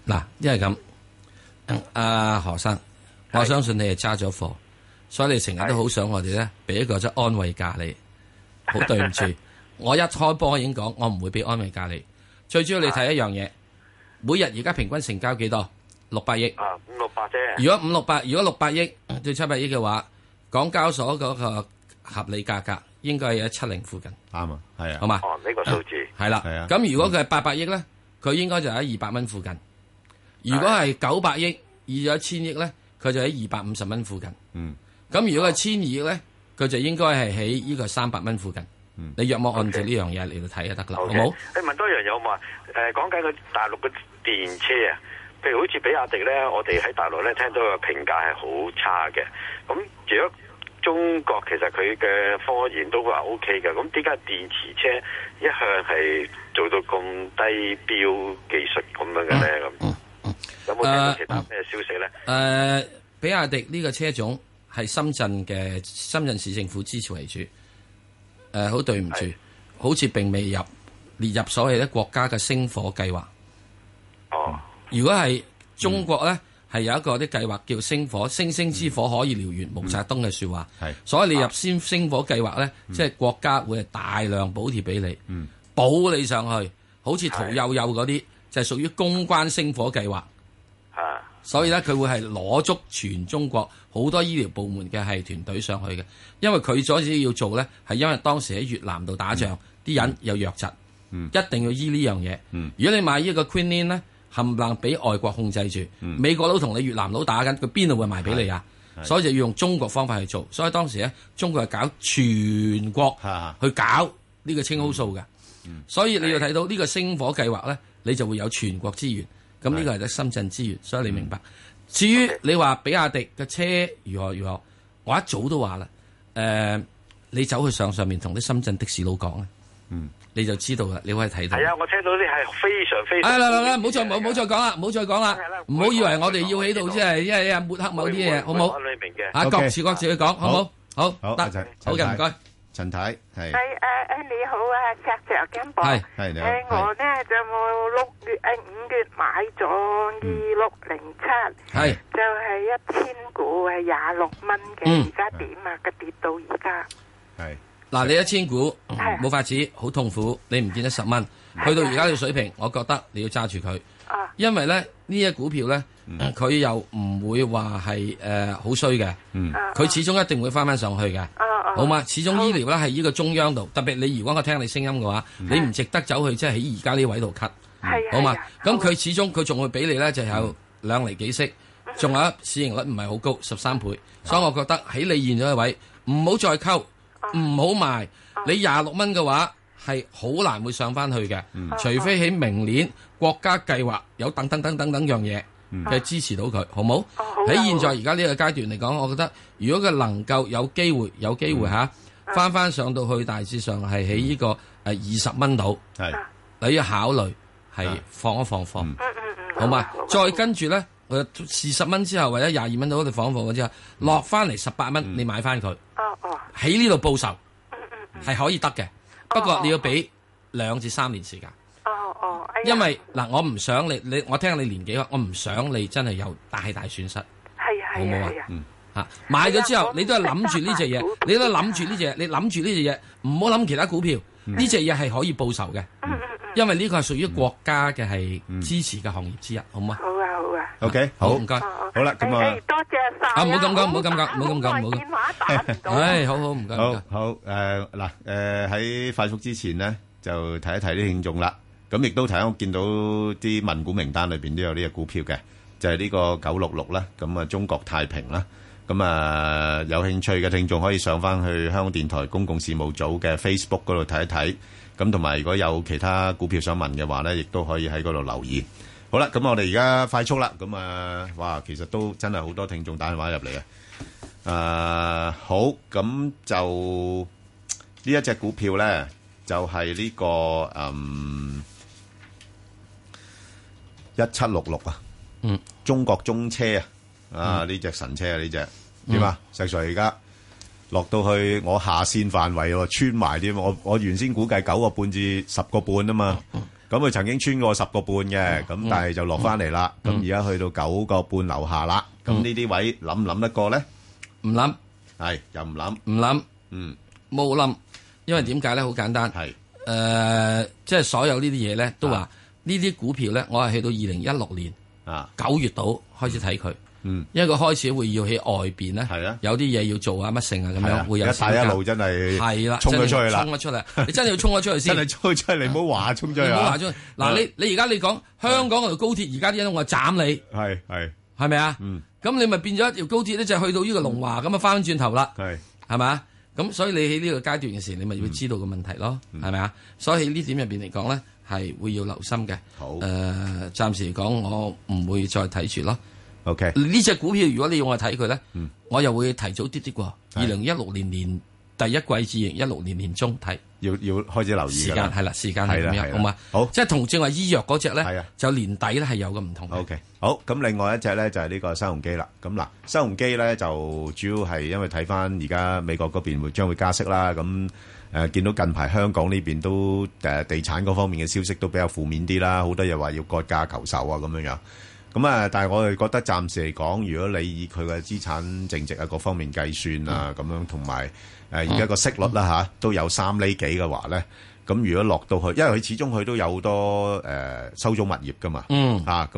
嗱，因為咁，阿、啊、何生，是我相信你係揸咗貨，所以你成日都好想我哋咧俾一個即係安慰價你。好對唔住，我一開波已經講，我唔會俾安慰價你。最主要你睇一樣嘢，每日而家平均成交幾多？六百億，啊，五六百啫。如果五六百，如果六百億到七百億嘅話，港交所嗰個合理價格應該係喺七零附近。啱啊，係啊，好嘛？哦，呢個數字係啦。咁如果佢係八百億咧，佢應該就喺二百蚊附近。如果係九百億，二咗一千億咧，佢就喺二百五十蚊附近。嗯。咁如果係千二億咧？佢就應該係喺呢個三百蚊附近，嗯、你若望按照呢樣嘢嚟到睇就得啦，Okay. 好好嗎？誒、哎、問多一樣有冇好唔好講緊個大陸嘅電車啊，譬如好似比亞迪咧，我哋喺大陸咧聽到嘅評價係好差嘅。咁如果中國其實佢嘅科研都話 O K 嘅，咁點解電池車一向係做到咁低標技術咁樣嘅咧？咁、嗯嗯嗯、有冇聽到其他咩、嗯、消息咧？誒、呃呃，比亞迪呢個車種，係深圳嘅深圳市政府支持為主，誒、呃，對是好對唔住，好似並未入列入所謂咧國家嘅星火計劃。哦，如果係中國咧，係、嗯、有一個啲計劃叫星火，星星之火可以燎原，嗯，毛澤東嘅說話。係、嗯，所以你入先星火計劃咧，嗯、即係國家會係大量補貼俾你，補、嗯、你上去。好似淘幼幼嗰啲，是就係屬於公關星火計劃。係。所以咧，佢會係攞足全中國好多醫療部門嘅係團隊上去嘅，因為佢最主要要做呢，係因為當時喺越南度打仗，啲、嗯、人有瘧疾，嗯、一定要醫呢樣嘢。嗯、如果你買呢一個 quinine 咧，冚唪唥俾外國控制住，嗯、美國佬同你越南佬打緊，佢邊度會賣俾你啊？所以就要用中國方法去做。所以當時呢，中國係搞全國去搞呢個青蒿素嘅。嗯、所以你要睇到呢個星火計劃呢，你就會有全國資源。咁呢個係喺深圳資源，所以你明白。至於你話比亞迪嘅車如何如何，我一早都話啦。誒，你走去上上面同啲深圳的士佬講啊，嗯，你就知道啦。你可以睇到。係啊，我聽到啲係非常非常。誒，唔好再唔好再講啦，唔好再講啦，唔好以為我哋要喺度即係因為抹黑某啲嘢，好唔好？冇？啊，各自各自去講，好唔好？好，得，好嘅，唔該。陳太，係，係誒誒，你好啊，石石金寶，係係我呢是就我六月誒五月買咗二六零七係，就係一千股係廿六蚊嘅，而家點啊？佢、嗯、跌到而家係嗱，你一千股冇、嗯、法子，好痛苦。你唔見得十蚊，去到而家嘅水平，嗯、我覺得你要揸住佢啊，因為咧呢一股票咧。佢、嗯、又唔會話係誒好衰嘅，佢、呃、始終一定會翻翻上去嘅。好嘛，始終醫療咧係呢個中央度，特別你如果我聽你聲音嘅話，的你唔值得走去即係喺而家呢位度咳。係啊、哎，好嘛，咁佢始終佢仲會俾你呢，就有兩厘幾息，仲有市盈率唔係好高十三倍，的所以我覺得喺你現咗嘅位唔好再溝，唔好賣。的你廿六蚊嘅話係好難會上翻去嘅，的嗯、除非喺明年國家計劃有等等等等等樣嘢。佢支持到佢，好冇？喺現在而家呢個階段嚟講，我覺得如果佢能夠有機會，有機會嚇翻翻上到去大致上係喺呢個誒二十蚊度，係你要考慮係放一放貨，好嘛？再跟住咧，我二十蚊之後或者廿二蚊度嗰度放貨之後落翻嚟十八蚊，你買翻佢，喺呢度報酬，嗯係可以得嘅，不過你要俾兩至三年時間。哦，因為嗱，我唔想你，你我聽下你年紀，我唔想你真係有大大損失，好唔好啊？嗯，吓買咗之後，你都係諗住呢隻嘢，你都諗住呢隻，你諗住呢隻嘢，唔好諗其他股票，呢隻嘢係可以報仇嘅，因為呢個係屬於國家嘅係支持嘅行業之一，好唔好啊？好啊，好啊，OK，好唔該，好啦，咁啊，多謝晒，啊，唔好咁講，唔好咁講，唔好咁講，唔好，唉，好好唔該，好，好誒，嗱，誒喺快速之前呢，就睇一睇啲聽眾啦。咁亦都睇，我見到啲問股名單裏邊都有呢個股票嘅，就係呢個九六六啦。咁啊，中國太平啦。咁啊，有興趣嘅聽眾可以上翻去香港電台公共事務組嘅 Facebook 嗰度睇一睇。咁同埋，如果有其他股票想問嘅話咧，亦都可以喺嗰度留意。好啦，咁我哋而家快速啦。咁啊，哇，其實都真係好多聽眾打電話入嚟嘅。誒，好，咁就呢一隻股票咧，就係呢個嗯。一七六六啊，中國中車啊，啊呢隻神車啊呢隻，點啊，石 Sir 而家落到去我下線範圍喎，穿埋啲我我原先估計九個半至十個半啊嘛，咁佢曾經穿過十個半嘅，咁但係就落翻嚟啦，咁而家去到九個半樓下啦，咁呢啲位諗唔諗得過咧？唔諗，係又唔諗，唔諗，嗯，冇諗，因為點解咧？好簡單，係，誒，即係所有呢啲嘢咧都話。呢啲股票咧，我係去到二零一六年啊九月度開始睇佢，因為佢開始會要喺外邊咧，有啲嘢要做啊，乜剩啊咁樣，會有。一帶一路真係係啦，沖咗出去啦，沖咗出嚟，你真係要沖咗出去先。真係出去，你唔好話沖咗去出去，嗱你你而家你講香港嗰條高鐵，而家啲人我斬你，係係係咪啊？咁你咪變咗一條高鐵咧，就去到呢個龍華，咁啊翻轉頭啦，係係咪啊？咁所以你喺呢個階段嘅時，你咪要知道個問題咯，係咪啊？所以喺呢點入邊嚟講咧。係會要留心嘅。好，誒、呃，暫時嚟講我唔會再睇住咯。OK，呢隻股票如果你用我睇佢咧，嗯、我又會提早啲啲。二零一六年年第一季至二零一六年年中睇，要要開始留意時間。時間係啦，時間係啦，好嘛嗎？好，即係同正話醫藥嗰隻咧，的就年底咧係有嘅唔同。OK，好，咁另外一隻咧就係、是、呢個新鴻基啦。咁嗱，新鴻基咧就主要係因為睇翻而家美國嗰邊會將會加息啦。咁誒、呃、見到近排香港呢邊都誒、呃、地產嗰方面嘅消息都比較負面啲啦，好多又話要割價求售啊咁樣樣。咁啊，但係我哋覺得暫時嚟講，如果你以佢嘅資產淨值啊各方面計算啊咁樣，同埋誒而家個息率啦、啊、嚇都有三厘幾嘅話咧，咁如果落到去，因為佢始終佢都有好多誒、呃、收租物業噶嘛，嚇咁、嗯啊、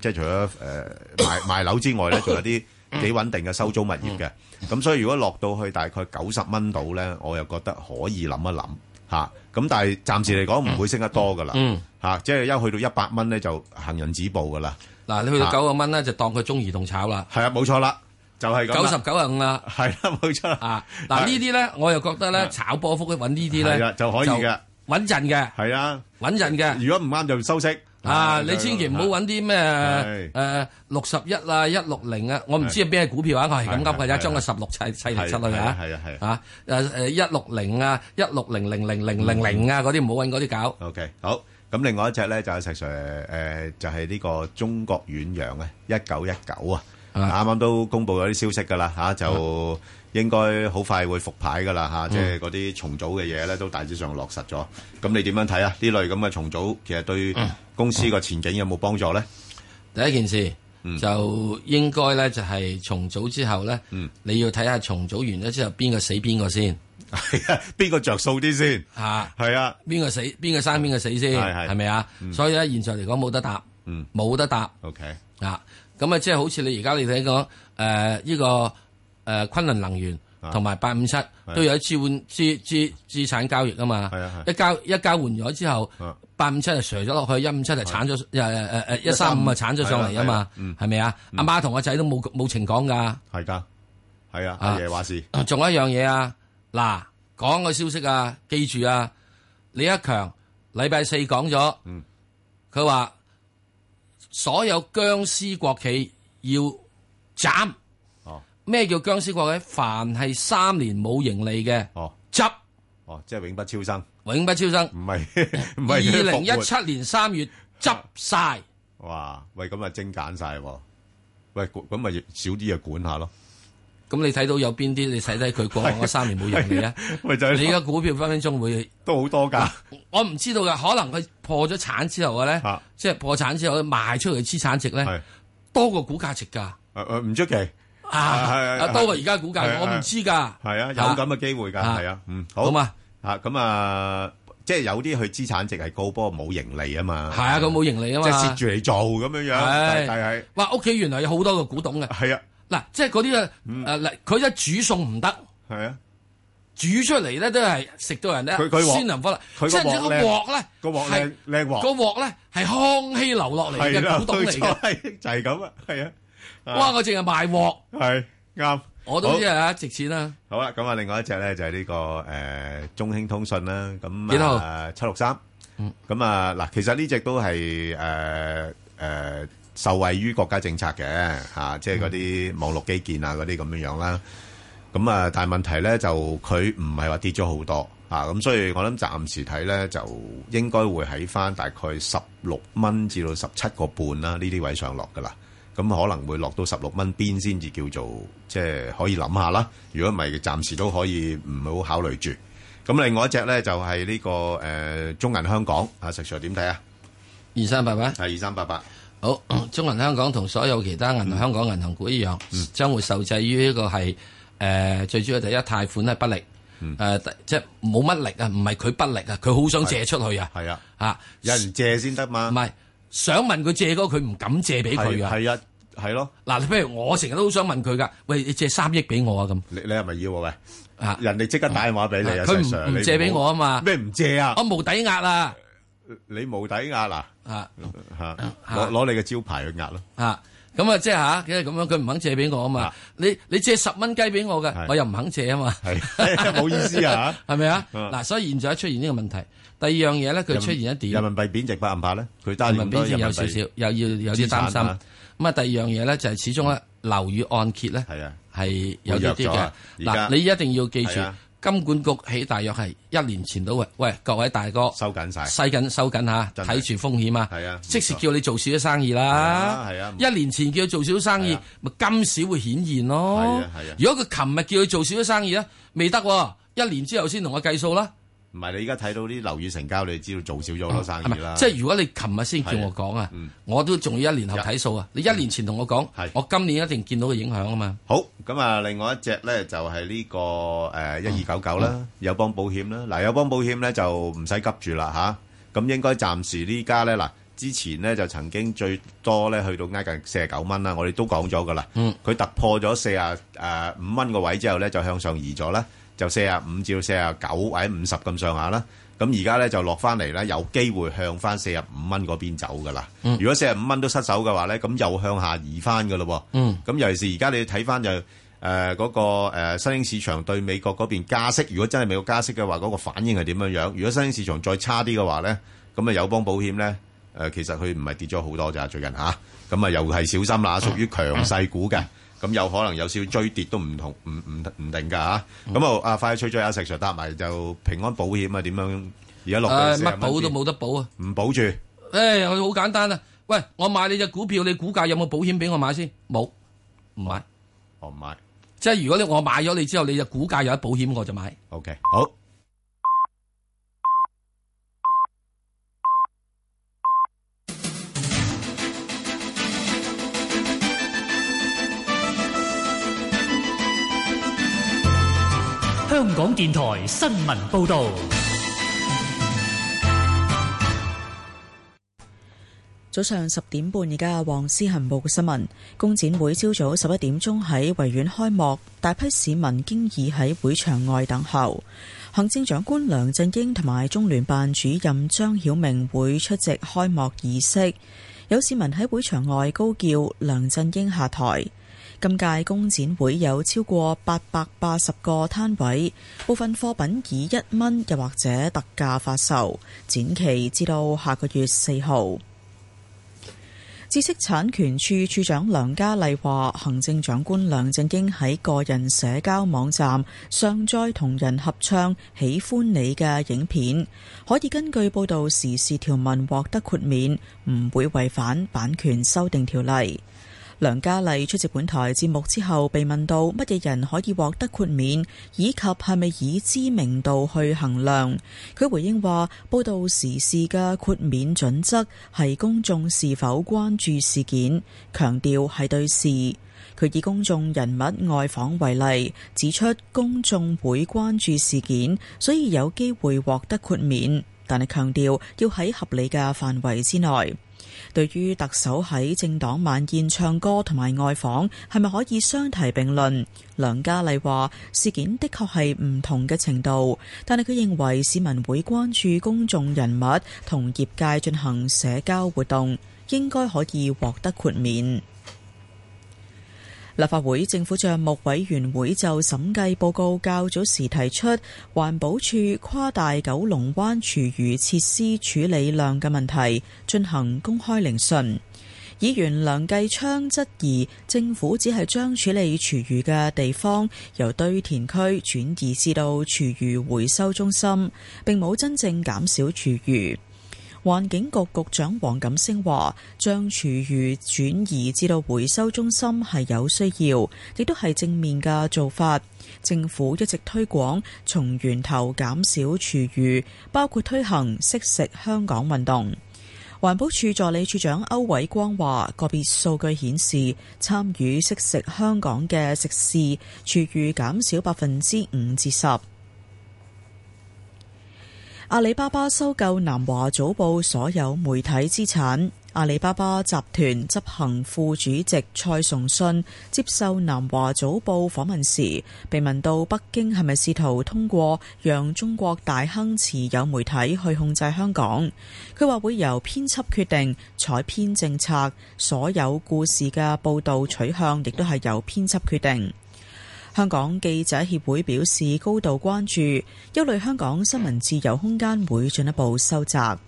即係除咗誒、呃、賣賣樓之外咧，仲有啲。幾穩定嘅收租物業嘅，咁、嗯嗯、所以如果落到去大概九十蚊到咧，我又覺得可以諗一諗嚇。咁、啊、但係暫時嚟講唔會升得多噶啦，嚇、嗯嗯啊，即係一去到一百蚊咧就行人止步噶啦。嗱、嗯，你去到九個蚊咧就當佢中移動炒啦。係啊，冇錯啦，就係九十九啊五啦。係啦，冇錯啦。嗱呢啲咧，啊、我又覺得咧炒波幅都穩呢啲咧、啊，就可以嘅穩陣嘅。係啊，穩陣嘅。如果唔啱就收息。啊！你千祈唔好揾啲咩誒六十一啊一六零啊，我唔知係邊個股票啊，係咁急佢而家將個十六砌砌嚟出嚟吓，吓誒誒一六零啊一六零零零零零零啊嗰啲唔好揾嗰啲搞。OK，好。咁另外一隻咧就係石 Sir 誒，就係呢個中國遠洋啊，一九一九啊，啱啱都公布咗啲消息噶啦吓就。應該好快會復牌噶啦吓，即係嗰啲重組嘅嘢咧，都大致上落實咗。咁你點樣睇啊？呢類咁嘅重組，其實對公司個前景有冇幫助咧？第一件事就應該咧，就係重組之後咧，你要睇下重組完咗之後邊個死邊個先，邊個着數啲先吓？係啊，邊個死邊個生邊個死先？係係，係咪啊？所以咧，現在嚟講冇得答，嗯，冇得答。OK，啊，咁啊，即係好似你而家你睇講誒呢個。誒，崑崙能源同埋八五七都有一次換資資資產交易啊嘛，一交一交換咗之後，八五七就瀡咗落去，一五七就鏟咗，誒誒誒一三五啊鏟咗上嚟啊嘛，係咪啊？阿媽同阿仔都冇冇情講㗎，係㗎，係啊，阿爺話事。仲有一樣嘢啊，嗱，講個消息啊，記住啊，李克強禮拜四講咗，佢話所有僵屍國企要斬。咩叫僵屍股咧？凡係三年冇盈利嘅，執哦，即係永不超生，永不超生，唔係，唔係二零一七年三月執晒。哇，喂，咁啊精簡晒，喂，咁咪少啲啊管下咯。咁你睇到有邊啲？你睇睇佢過往嗰三年冇盈利咧，咪就係你嘅股票分分鐘會都好多噶。我唔知道噶，可能佢破咗產之後咧，即係破產之後賣出去嘅資產值咧，係多過股價值噶。誒誒，唔出奇。啊，係啊，都係而家估計，我唔知噶。係啊，有咁嘅機會噶，係啊，嗯，好嘛，啊，咁啊，即係有啲佢資產值係高，不過冇盈利啊嘛。係啊，佢冇盈利啊嘛。即係蝕住嚟做咁樣樣。係係係。哇，屋企原來有好多個古董嘅。係啊。嗱，即係嗰啲啊，誒，嗱，佢一煮餸唔得。係啊。煮出嚟咧都係食到人咧。佢佢鑊唔得，即係隻鑊咧，個鑊靚靚鑊，個鑊咧係康熙流落嚟嘅古董嚟就係咁啊，係啊。哇！我淨係賣鑊，係啱，我都知好啊，值錢啦。好啦，咁啊，另外一隻咧就係呢、這個誒、呃、中興通訊啦。咁呢度七六三，咁啊嗱，嗯、其實呢隻都係誒誒受惠於國家政策嘅吓、啊，即係嗰啲網絡基建啊，嗰啲咁樣樣啦。咁啊，但係問題咧就佢唔係話跌咗好多啊，咁所以我諗暫時睇咧就應該會喺翻大概十六蚊至到十七個半啦，呢啲位上落噶啦。咁可能會落到十六蚊邊先至叫做即係可以諗下啦。如果唔係，暫時都可以唔好考慮住。咁另外一隻咧就係、是、呢、這個誒中銀香港啊，石 Sir 點睇啊？二三八八係二三八八。好，中銀香港同所有其他銀行香港銀行股一樣，嗯、將會受制於呢個係誒、呃、最主要第一貸款咧不力誒、嗯呃，即係冇乜力啊，唔係佢不力啊，佢好想借出去啊。係啊，嚇有人借先得嘛。唔係的。的想問佢借嗰，佢唔敢借俾佢噶。係啊，係咯。嗱，譬如我成日都好想問佢噶，喂，你借三億俾我啊咁。你你係咪要啊？喂，啊，人哋即刻打電話俾你啊，佢唔，唔借俾我啊嘛。咩唔借啊？我冇抵押啊。你冇抵押嗱，啊，吓，攞攞你個招牌去押咯。啊，咁啊，即係吓，佢係咁樣，佢唔肯借俾我啊嘛。你你借十蚊雞俾我嘅，我又唔肯借啊嘛。係，冇意思啊，係咪啊？嗱，所以現在出現呢個問題。第二樣嘢咧，佢出現一點，人民幣貶值怕唔怕咧？佢擔心有少少，又要有啲擔心。咁啊，第二樣嘢咧就係始終咧，樓宇按揭咧，係有啲嘅。嗱，你一定要記住，金管局喺大約係一年前到嘅。喂，各位大哥，收緊曬，細緊收緊嚇，睇住風險啊！即時叫你做少啲生意啦，一年前叫佢做少生意，咪今時會顯現咯。如果佢琴日叫佢做少啲生意咧，未得一年之後先同我計數啦。唔係，你而家睇到啲樓宇成交，你知道做少咗好多生意啦，嗯。即係如果你琴日先叫我講啊，嗯、我都仲要一年後睇數啊。嗯、你一年前同我講，嗯、我今年一定見到個影響啊嘛。好，咁啊，另外一隻咧就係呢個誒一二九九啦，友邦保險啦。嗱、啊，友邦保險咧就唔使急住啦吓。咁應該暫時呢家咧嗱，之前咧就曾經最多咧去到挨近四十九蚊啦。我哋都講咗噶啦，佢、嗯、突破咗四啊誒五蚊個位之後咧，就向上移咗啦。就四啊五至到四啊九或者五十咁上下啦，咁而家咧就落翻嚟啦，有機會向翻四啊五蚊嗰邊走噶啦。嗯、如果四十五蚊都失手嘅話咧，咁又向下移翻噶咯。咁、嗯、尤其是而家你睇翻就誒嗰個新興市場對美國嗰邊加息，如果真係美國加息嘅話，嗰、嗰個反應係點樣樣？如果新興市場再差啲嘅話咧，咁啊友邦保險咧誒、呃、其實佢唔係跌咗好多咋最近嚇，咁啊、嗯嗯、又係小心啦，屬於強勢股嘅。嗯嗯咁有可能有少少追跌都唔同，唔唔唔定㗎吓。咁啊，阿快趣再阿石 Sir 答埋就平安保險啊，點樣而家落咗乜保都冇得保啊？唔保住？誒、欸，佢好簡單啊！喂，我買你隻股票，你股價有冇保險俾我買先？冇，唔買。我唔、哦、買。即係如果你我買咗你之後，你隻股價有得保險，我就買。OK，好。.港電台新聞報道：早上十點半，而家黃思恆報嘅新聞。工展會朝早十一點鐘喺維園開幕，大批市民經已喺會場外等候。行政長官梁振英同埋中聯辦主任張曉明會出席開幕儀式。有市民喺會場外高叫梁振英下台。今屆工展會有超過八百八十個攤位，部分貨品以一蚊又或者特價發售。展期至到下個月四號。知識產權，權處，處處長梁嘉麗話，行政長官梁振英喺個人社交網站上載，同人合唱《喜歡你》嘅影片，可以根據報道時事條文獲得豁免，唔會違反版權修訂條例。梁嘉麗出席本台節目之後，被問到乜嘢人可以獲得豁免，以及係咪以知名度去衡量，佢回應話報道時事嘅豁免準則係公眾是否關注事件，強調係對事。佢以公眾人物外訪為例，指出公眾會關注事件，所以有機會獲得豁免，但係強調要喺合理嘅範圍之內。對於特首喺政黨晚宴唱歌同埋外訪，係咪可以相提並論？梁家麗話事件的確係唔同嘅程度，但係佢認為市民會關注公眾人物同業界進行社交活動，應該可以獲得豁免。立法會政府帳目委員會就審計報告較早時提出環保署誇大九龍灣廚餘設施處理量嘅問題進行公開聆訊。議員梁繼昌質疑政府只係將處理廚餘嘅地方由堆填區轉移至到廚餘回收中心，並冇真正減少廚餘。環境局局長黃錦星話：將廚餘轉移至到回收中心係有需要，亦都係正面嘅做法。政府一直推廣從源頭減少廚餘，包括推行惜食香港運動。環保署助理署長歐偉光話：個別數據顯示，參與惜食香港嘅食肆廚餘減少百分之五至十。阿里巴巴收購南華早報所有媒體資產。阿里巴巴集團執行副主席蔡崇信接受南華早報訪問時，被問到北京係咪試圖通過讓中國大亨持有媒體去控制香港。佢話會由編輯決定採編政策，所有故事嘅報導取向亦都係由編輯決定。香港記者協會表示高度關注，憂慮香港新聞自由空間會進一步收窄。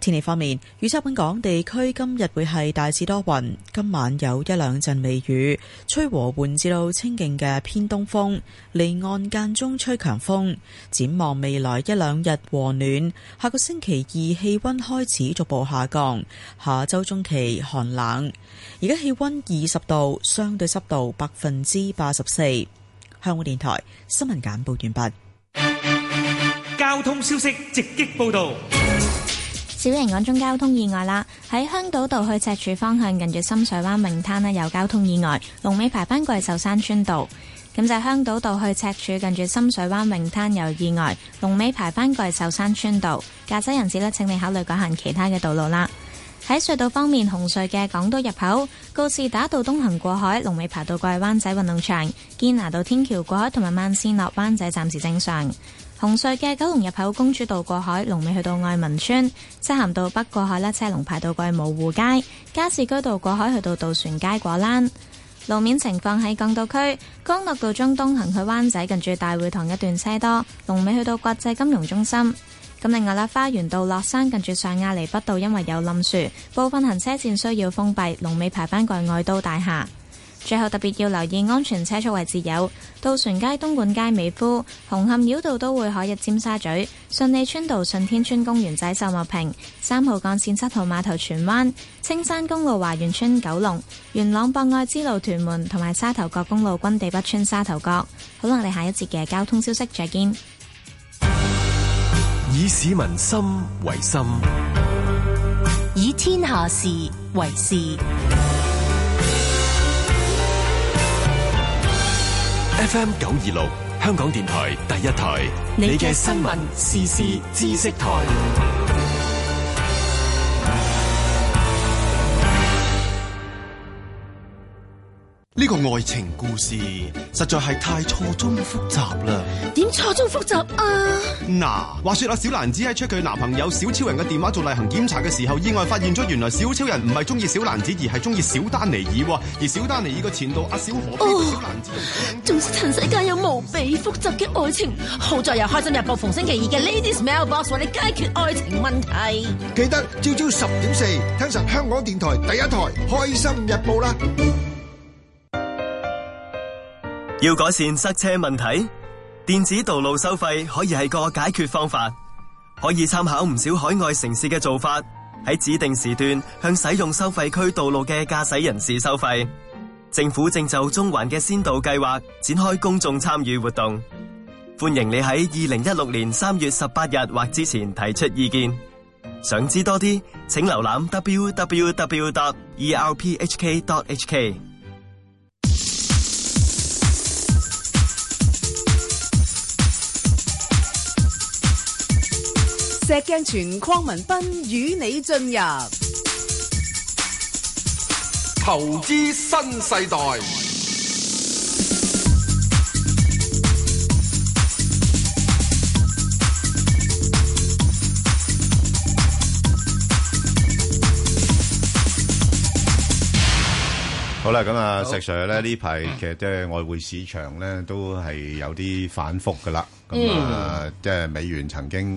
天氣方面，預測本港地區今日會係大致多雲，今晚有一兩陣微雨，吹和緩至到清勁嘅偏東風，離岸間中吹強風。展望未來一兩日和暖，下個星期二氣溫開始逐步下降，下周中期寒冷。而家氣溫二十度，相對濕度百分之八十四。香港電台新聞簡報完畢。交通消息直擊報道。小型港中交通意外啦，喺香島道去赤柱方向近住深水灣泳灘呢，有交通意外，龍尾排返過去壽山村道。咁就香島道去赤柱近住深水灣泳灘有意外，龍尾排返過去壽山村道。駕駛人士呢，請你考慮改行其他嘅道路啦。喺隧道方面，紅隧嘅港島入口告士打道東行過海，龍尾排到過去灣仔運動場，堅拿道天橋過海同埋慢線落灣仔暫時正常。紅隧嘅九龍入口公主道過海，龍尾去到愛民村；西行道北過海咧，車龍排到過去蕪湖街；加士居道過海去到渡船街果欄。路面情況喺港島區，干諾道中東行去灣仔近住大會堂一段車多，龍尾去到國際金融中心。咁另外咧，花園道落山近住上亞厘畢道，因為有冧樹，部分行車線需要封閉，龍尾排返過去愛都大廈。最後特別要留意安全車速位置有：渡船街、東莞街、美孚、紅磡繞道都會海日尖沙咀、順利村道、順天村公園仔、秀茂坪、三號幹線七號碼頭、荃灣、青山公路華園村、九龍、元朗博愛之路屯門同埋沙頭角公路軍地北村沙頭角。好啦，我哋下一節嘅交通消息再見。以市民心為心，以天下事為事。FM 九二六，香港電台第一台，你嘅新聞時事知識台。呢個愛情故事實在係太錯綜複雜啦！點錯綜複雜啊？嗱，話說阿小蘭子喺出佢男朋友小超人嘅電話做例行檢查嘅時候，意外發現咗原來小超人唔係中意小蘭子，而係中意小丹尼爾。而小丹尼爾個前度阿小何呢個小蘭子，哦，總之塵世界有無比複雜嘅愛情。好在有開心日報逢星期二嘅 Ladies Mailbox 為你解決愛情問題。記得朝朝十點四聽上香港電台第一台開心日報啦！要改善塞車問題，電子道路收費可以係個解決方法。可以參考唔少海外城市嘅做法，喺指定時段向使用收費區道路嘅駕駛人士收費。政府正就中環嘅先導計劃展開公眾參與活動，歡迎你喺二零一六年三月十八日或之前提出意見。想知多啲，請瀏覽 www.erphk.hk 石鏡泉、鄺民彬與你進入投資新世代。好啦，咁、嗯、啊，石 Sir 咧呢排其實即係外匯市場咧都係有啲反覆噶啦，咁啊、嗯嗯、即係美元曾經。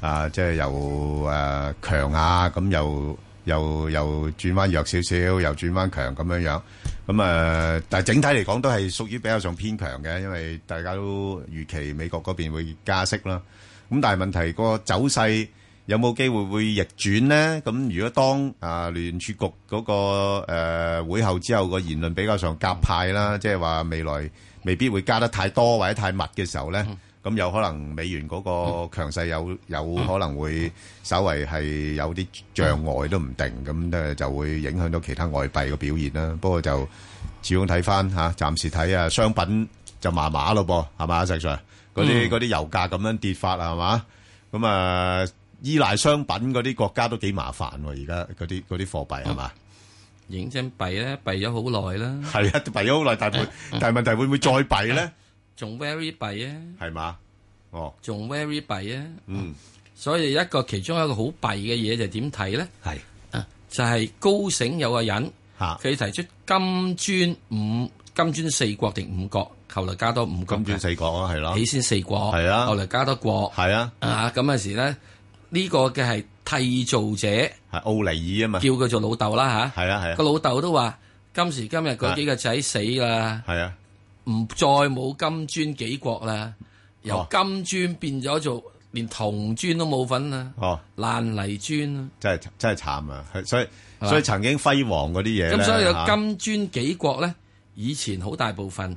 啊、呃，即係又誒強下，咁又又又轉翻弱少少，又轉翻強咁樣樣。咁、呃、誒，但係整體嚟講都係屬於比較上偏強嘅，因為大家都預期美國嗰邊會加息啦。咁但係問題，個走勢有冇機會會逆轉咧？咁如果當啊聯儲局嗰、嗰個誒、呃、會後之後個言論比較上鴿派啦，即係話未來未必會加得太多或者太密嘅時候咧。嗯咁有可能美元嗰個強勢有有可能會稍為係有啲障礙都唔定，咁咧就會影響到其他外幣嘅表現啦。不過就始終睇翻吓，啊、暫時睇啊，商品就麻麻咯噃，係嘛，石 Sir，嗰啲啲油價咁樣跌法係嘛，咁啊、呃、依賴商品嗰啲國家都幾麻煩，而家嗰啲嗰啲貨幣係嘛，影真幣咧，幣咗好耐啦，係啊，幣咗好耐，但係 [LAUGHS] 但係問題會唔會再幣咧？仲 very 弊啊，係嘛？哦，仲 very 弊啊。嗯，所以一個其中一個好弊嘅嘢就點睇咧？係，就係、是是啊、高盛有個人，佢提出金磚五、金磚四國定五國，後來加多五。金磚四國啊，係咯。起先四國，係啦，後來加多國，係啦。啊，咁有時咧，呢個嘅係締造者，係奧尼爾啊嘛，叫佢做老豆啦吓。係啊係啊，個老豆都話今時今日佢幾個仔死啦。係啊。啊唔再冇金磚幾國啦，由金磚變咗做連銅磚都冇份啦，爛泥磚真係真係慘啊！所以所以曾經輝煌嗰啲嘢，咁所以有金磚幾國咧，以前好大部分，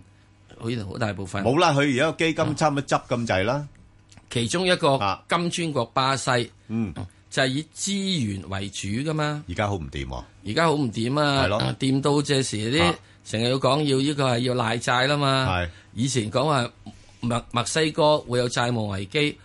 以前好大部分冇啦，佢而家基金差唔多執咁滯啦。其中一個金磚國巴西，就係以資源為主㗎嘛。而家好唔掂啊！而家好唔掂啊！掂到借時啲。成日要講要呢個係要賴債啦嘛。的以前講話墨墨西哥會有債務危機，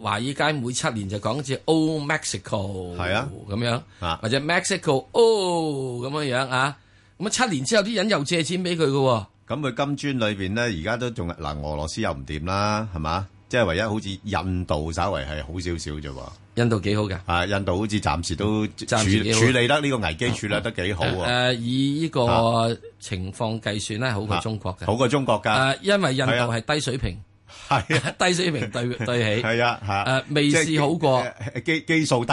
華爾街每七年就講隻 Oh Mexico，係啊咁樣，啊、或者 Mexico o、oh，咁樣樣啊。咁啊七年之後啲人又借錢俾佢噶。咁佢金磚裏邊咧，而家都仲嗱俄羅斯又唔掂啦，係嘛，即、就、係、是、唯一好似印度稍為係好少少啫。印度幾好㗎？印度好似暫時都處理得，呢個危機處理得幾好㗎？呃，以呢個情況計算，好過中國㗎？好過中國㗎？呃，因為印度係低水平。對。低水平對，對起。係呀，呃，未試好過。基數低。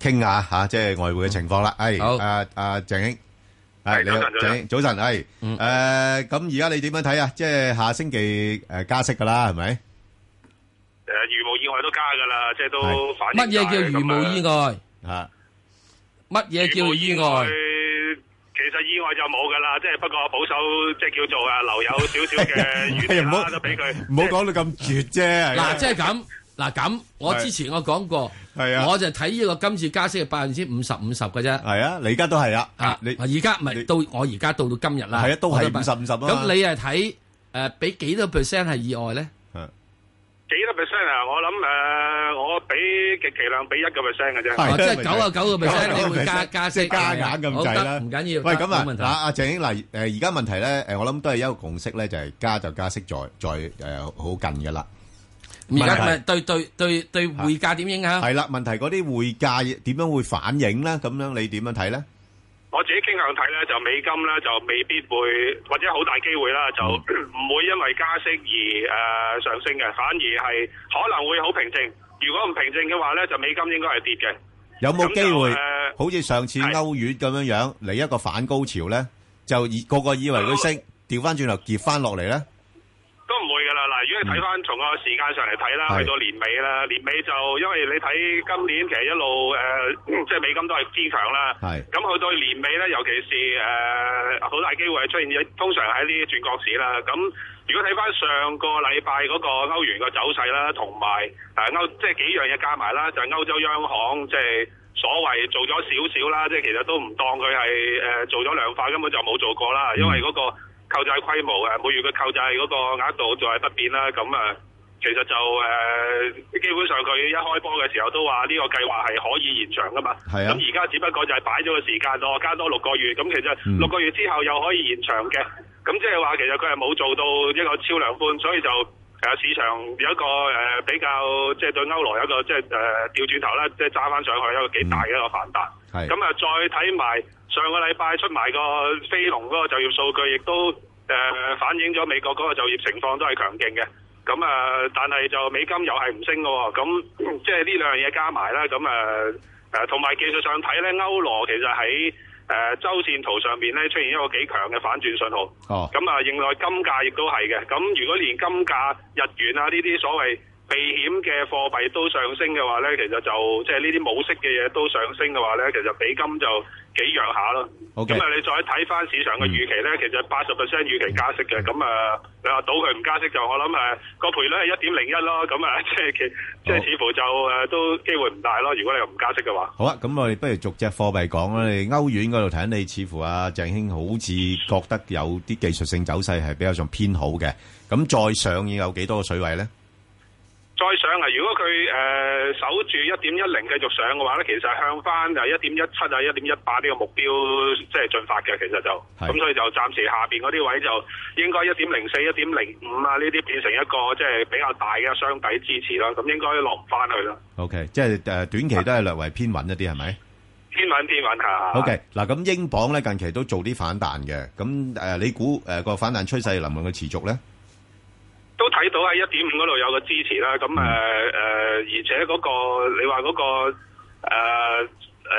傾下吓，即係外匯嘅情況啦。係，阿阿鄭兄，係，早晨，早晨，係，誒，咁而家你點樣睇啊？即係下星期誒加息噶啦，係咪？誒，如無意外都加噶啦，即係都反映。乜嘢叫如無意外啊？乜嘢叫意外？其實意外就冇噶啦，即係不過保守，即係叫做啊，留有少少嘅餘地啦，都俾佢。唔好講到咁絕啫。嗱，即係咁。嗱咁，我之前我講過，我就睇呢個今次加息係百分之五十五十嘅啫。係啊，你而家都係啊。啊，你而家唔係到我而家到到今日啦。係啊，都係五十五十啊。咁你係睇誒俾幾多 percent 係意外咧？幾多 percent 啊？我諗誒，我俾極其量俾一個 percent 嘅啫。係即係九啊九個 percent，你會加加息加減咁計啦。唔緊要。喂，咁啊啊啊，鄭英嗱誒，而家問題咧誒，我諗都係一個共識咧，就係加就加息，再再誒好近嘅啦。而家咪對對對對匯價點影響啊？係啦，問題嗰啲匯價點樣會反映咧？咁樣你點樣睇咧？我自己傾向睇咧，就美金咧就未必會或者好大機會啦，就唔會因為加息而誒上升嘅，反而係可能會好平靜。如果唔平靜嘅話咧，就美金應該係跌嘅。有冇機會？誒，好似上次歐元咁樣樣嚟一個反高潮咧，就個個以為佢升，調翻轉頭跌翻落嚟咧。都唔會嘅啦，嗱，如果你睇翻從個時間上嚟睇啦，嗯、去到年尾啦，年尾就因為你睇今年其實一路誒、呃，即係美金都係支強啦。係、嗯，咁去到年尾咧，尤其是誒好大機會係出現，通常喺呢啲轉角市啦。咁、啊、如果睇翻上個禮拜嗰個歐元嘅走勢啦，同埋誒歐，即係幾樣嘢加埋啦，就係、是、歐洲央行即係、就是、所謂做咗少少啦，即係其實都唔當佢係誒做咗量化，根本就冇做過啦，因為嗰、那個。嗯購債規模誒，每月嘅購債嗰個額度就係不變啦。咁啊，其實就誒、呃、基本上佢一開波嘅時候都話呢個計劃係可以延長噶嘛。係啊。咁而家只不過就係擺咗個時間咯，加多六個月。咁其實六個月之後又可以延長嘅。咁即係話其實佢係冇做到一個超量寬，所以就誒、啊、市場有一個誒、呃、比較即係對歐羅有一個即係誒、呃、調轉頭啦，即係揸翻上去有一個幾大嘅一個反彈。係、嗯。咁啊，再睇埋。上個禮拜出埋個非農嗰個就業數據，亦都誒、呃、反映咗美國嗰個就業情況都係強勁嘅。咁、嗯、啊，但係就美金又係唔升嘅喎。咁、嗯、即係呢兩樣嘢加埋啦。咁、嗯、啊誒，同埋技術上睇咧，歐羅其實喺誒、呃、周線圖上邊咧出現一個幾強嘅反轉信號。哦。咁啊、嗯，另外金價亦都係嘅。咁、嗯、如果連金價、日元啊呢啲所謂避險嘅貨幣都上升嘅話咧，其實就即係呢啲冇息嘅嘢都上升嘅話咧，其實美金就幾弱下咯，咁啊 Okay. 你再睇翻市場嘅預期咧，嗯、其實八十 percent 預期加息嘅，咁啊、嗯、你話賭佢唔加息就我諗誒個賠率係一點零一咯，咁啊、就是、好即係即係似乎就誒都機會唔大咯。如果你又唔加息嘅話，好啊，咁我哋不如逐隻貨幣講啦。你歐元嗰度睇你似乎啊鄭興好似覺得有啲技術性走勢係比較上偏好嘅，咁再上要有幾多個水位咧？再上啊！如果佢誒、呃、守住一點一零繼續上嘅話咧，其實向翻啊一點一七啊一點一八呢個目標即係進發嘅。其實就咁，是所以就暫時下邊嗰啲位就應該一點零四、一點零五啊呢啲變成一個即係比較大嘅箱底支持啦。咁應該落唔翻去啦。OK，即係誒短期都係略為偏穩一啲，係咪？偏穩偏穩嚇。OK，嗱咁英鎊咧近期都做啲反彈嘅，咁誒你估誒個反彈趨勢能唔能夠持續咧？都睇到喺一點五嗰度有個支持啦，咁誒誒，而且嗰、那個你話嗰、那個誒、呃、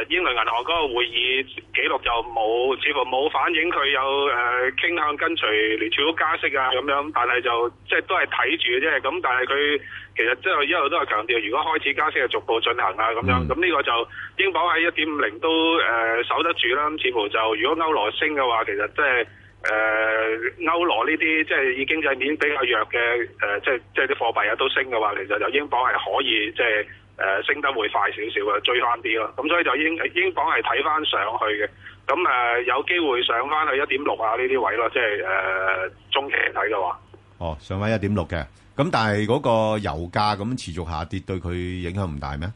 英倫銀行嗰個會議記錄就冇，似乎冇反映佢有誒、呃、傾向跟隨聯儲局加息啊咁樣，但係就即係都係睇住嘅啫。咁但係佢其實即係一路都係強調，如果開始加息就逐步進行啊咁樣。咁呢、mm. 個就英鎊喺一點五零都誒、呃、守得住啦。咁似乎就如果歐羅升嘅話，其實即、就、係、是。誒、呃、歐羅呢啲即係以經濟面比較弱嘅誒、呃，即係即係啲貨幣啊都升嘅話，其實就英鎊係可以即係誒、呃、升得會快少少嘅追翻啲咯。咁所以就英英鎊係睇翻上去嘅。咁誒、呃、有機會上翻去一點六啊呢啲位咯，即係誒、呃、中期嚟睇嘅話。哦，上翻一點六嘅。咁但係嗰個油價咁持續下跌，對佢影響唔大咩？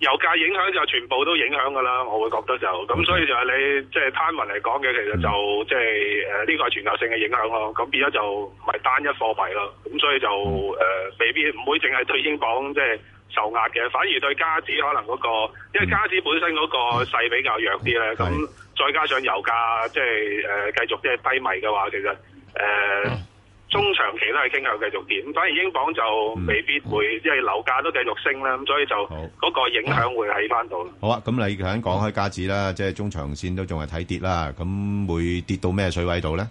油價影響就全部都影響㗎啦，我會覺得就咁、就是就是呃這個啊啊，所以就係你即係貪雲嚟講嘅，其實就即係誒呢個係全球性嘅影響咯。咁變咗就唔係單一貨幣咯。咁所以就誒，未必唔會淨係對英鎊即係受壓嘅，反而對加紙可能嗰、那個，因為加紙本身嗰個勢比較弱啲咧。咁再加上油價即係誒繼續即係低迷嘅話，其實誒。呃嗯中長期都係傾向繼續跌，反而英鎊就未必會，嗯嗯、因為樓價都繼續升啦，咁所以就嗰個影響會喺返度。好啊，咁你而家講開價指啦，即係中長線都仲係睇跌啦，咁會跌到咩水位度咧？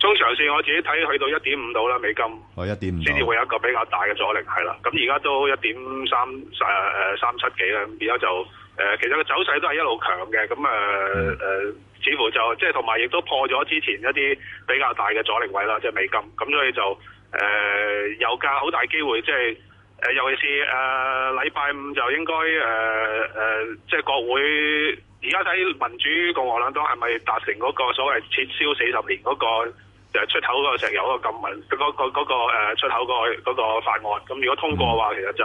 中長線我自己睇去到一點五度啦，美金。我一點五。先至會有一個比較大嘅阻力，係啦。咁而家都一點三誒誒三七幾啦，咁而家就誒、呃、其實個走勢都係一路強嘅，咁誒誒。呃嗯似乎就即係同埋亦都破咗之前一啲比較大嘅阻力位啦，即係美金咁，所以就誒油價好大機會，即係誒尤其是誒禮拜五就應該誒誒即係國會。而家睇民主共和兩黨係咪達成嗰個所謂撤銷四十年嗰個。就出口個石油個禁運，嗰嗰嗰個誒出口個嗰個法案，咁如果通過嘅話，其實就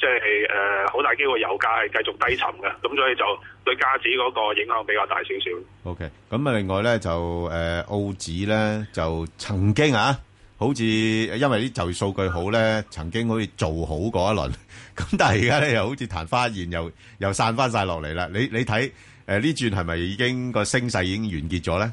即係誒好大機會油價係繼續低沉嘅，咁所以就對加指嗰個影響比較大少少。OK，咁啊，另外咧就誒澳指咧就曾經啊，好似因為啲就業數據好咧，曾經好似做好嗰一輪，咁但係而家咧又好似曇花一現，又又散翻曬落嚟啦。你你睇誒呢轉係咪已經個升勢已經完結咗咧？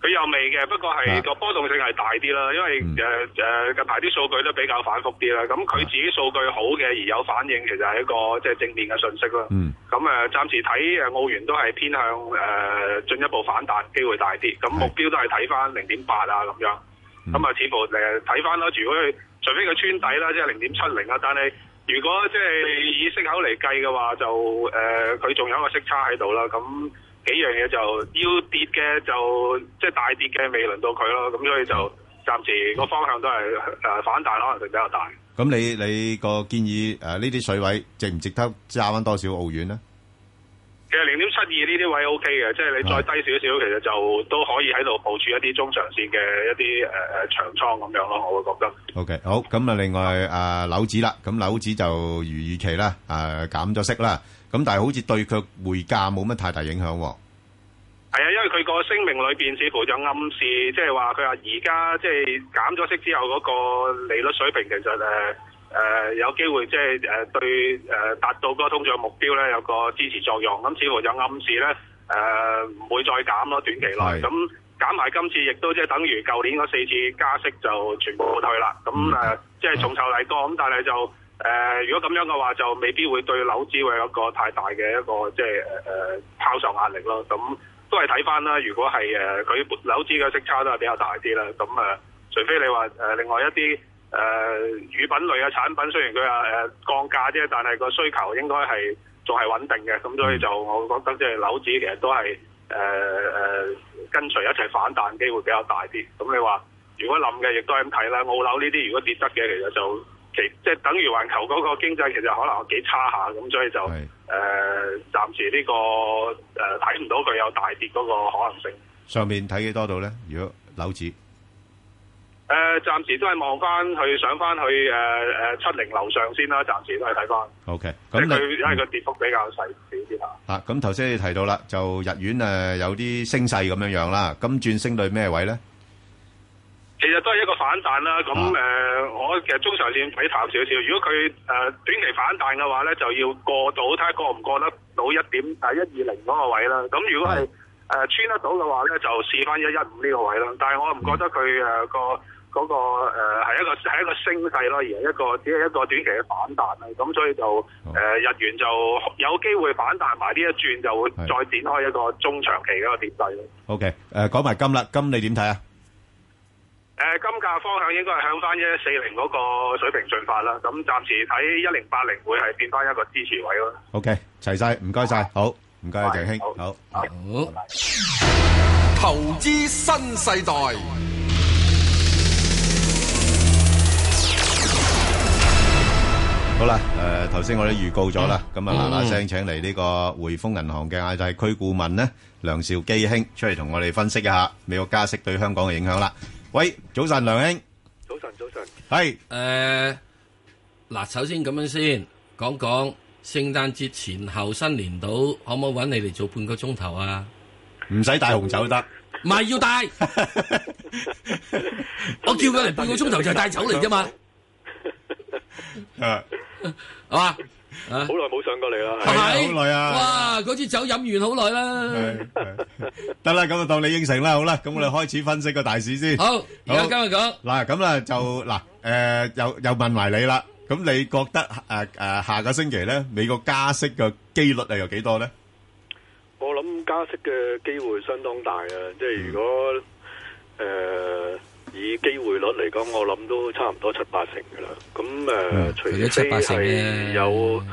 佢又未嘅，不過係個波動性係大啲啦，因為誒誒、嗯、近排啲數據都比較反覆啲啦。咁佢自己數據好嘅而有反應，其實係一個即係、就是、正面嘅訊息啦。咁誒暫時睇誒澳元都係偏向誒進、呃、一步反彈機會大啲。咁目標都係睇翻零點八啊咁樣。咁啊似乎誒睇翻啦，如果佢除非佢穿底啦，即係零點七零啊。但係如果即係、就是、以息口嚟計嘅話，就誒佢仲有一個息差喺度啦。咁幾樣嘢就要跌嘅，就即係大跌嘅未輪到佢咯，咁所以就暫時個方向都係誒、呃、反彈可能性比較大。咁你你個建議誒呢啲水位值唔值得揸翻多少澳元呢？其實零點七二呢啲位 O K 嘅，即係你再低少少，的其實就都可以喺度部署一啲中長線嘅一啲誒誒長倉咁樣咯，我會覺得。OK，好，咁啊另外誒樓指啦，咁樓子就如預期啦，誒減咗息啦。咁但係好似對佢匯價冇乜太大影響。係啊，因為佢個聲明裏邊似乎就暗示，即係話佢話而家即係減咗息之後嗰個利率水平，其實誒誒、呃、有機會即係誒對誒達到嗰個通脹目標咧有個支持作用。咁、嗯、似乎就暗示咧誒唔會再減咯，短期內。咁的減埋今次亦都即係等於舊年嗰四次加息就全部退咗去啦。咁誒即係重頭嚟過。咁但係就。誒、呃，如果咁樣嘅話，就未必會對樓資會有個太大嘅一個即係誒誒拋售壓力咯。咁、嗯、都係睇翻啦。如果係誒佢樓資嘅息差都係比較大啲啦。咁、嗯、誒、呃，除非你話誒、呃、另外一啲誒、呃、乳品類嘅產品，雖然佢話誒降價啫，但係個需求應該係仲係穩定嘅。咁、嗯、所以就我覺得即係樓資其實都係誒誒跟隨一齊反彈機會比較大啲。咁、嗯、你話如果冧嘅，亦都係咁睇啦。澳樓呢啲如果跌得嘅，其實就是、～即係等於環球嗰個經濟其實可能有幾差下，咁所以就誒是、呃、暫時呢、呢個誒睇唔到佢有大跌嗰個可能性。上面睇幾多度咧？如果樓指誒暫時都係望翻去上翻去誒誒七零樓上先啦，暫時都係睇翻。O K，咁佢因為個跌幅比較細少啲嚇。嗯、啊，咁頭先你提到啦，就日元誒、呃、有啲升勢咁樣樣啦，咁轉升到咩位咧？都係一個反彈啦，咁誒、啊呃，我其實中長線睇淡少少。如果佢誒短期反彈嘅話咧，就要過到睇下過唔過得到一點啊，一二零嗰個位啦。咁如果係誒穿得到嘅話咧，就試翻一一五呢個位啦。但係我唔覺得佢誒、嗯呃那個嗰個誒係一個係一個升勢咯，而係一個只係一個短期嘅反彈啦。咁所以就誒、嗯呃、日元就有機會反彈埋呢一轉，就會再展開一個中長期嗰個跌勢咯。的 OK，誒、呃、講埋金啦，金你點睇啊？誒，金價方向應該係向翻一四零嗰個水平進發啦。咁暫時睇一零八零會係變翻一個支持位咯。O K，齊晒，唔該晒，好，唔該啊，鄭兄，好。投資新世代好啦。誒，頭先我都預告咗啦，咁啊嗱嗱聲，請嚟呢個匯豐銀行嘅亞太區顧問呢，梁兆基兄出嚟同我哋分析一下美國加息對香港嘅影響啦。喂，早晨，梁兄。早晨，早晨。係是，誒，嗱，首先咁樣先，講講聖誕節前後新年到，可唔可以搵你嚟做半個鐘頭啊？唔使帶紅酒得，唔係 [LAUGHS] 要帶，我叫佢嚟半個鐘頭就係帶酒嚟啫嘛。啊，好嘛？好耐冇上過嚟啦，係啊，好耐啊！哇，嗰支酒飲完好耐啦，得啦，咁就，當你應承啦，好啦，咁我哋開始分析個大市先。好，而家今日講嗱，咁啦就嗱，誒，又又問埋你啦，咁你覺得誒誒，下個星期咧，美國加息嘅機率係有幾多咧？我諗加息嘅機會相當大啊！即係如果誒。以機會率嚟講，我諗都差唔多七八成嘅啦。咁誒，呃嗯、除咗七八成，有、嗯、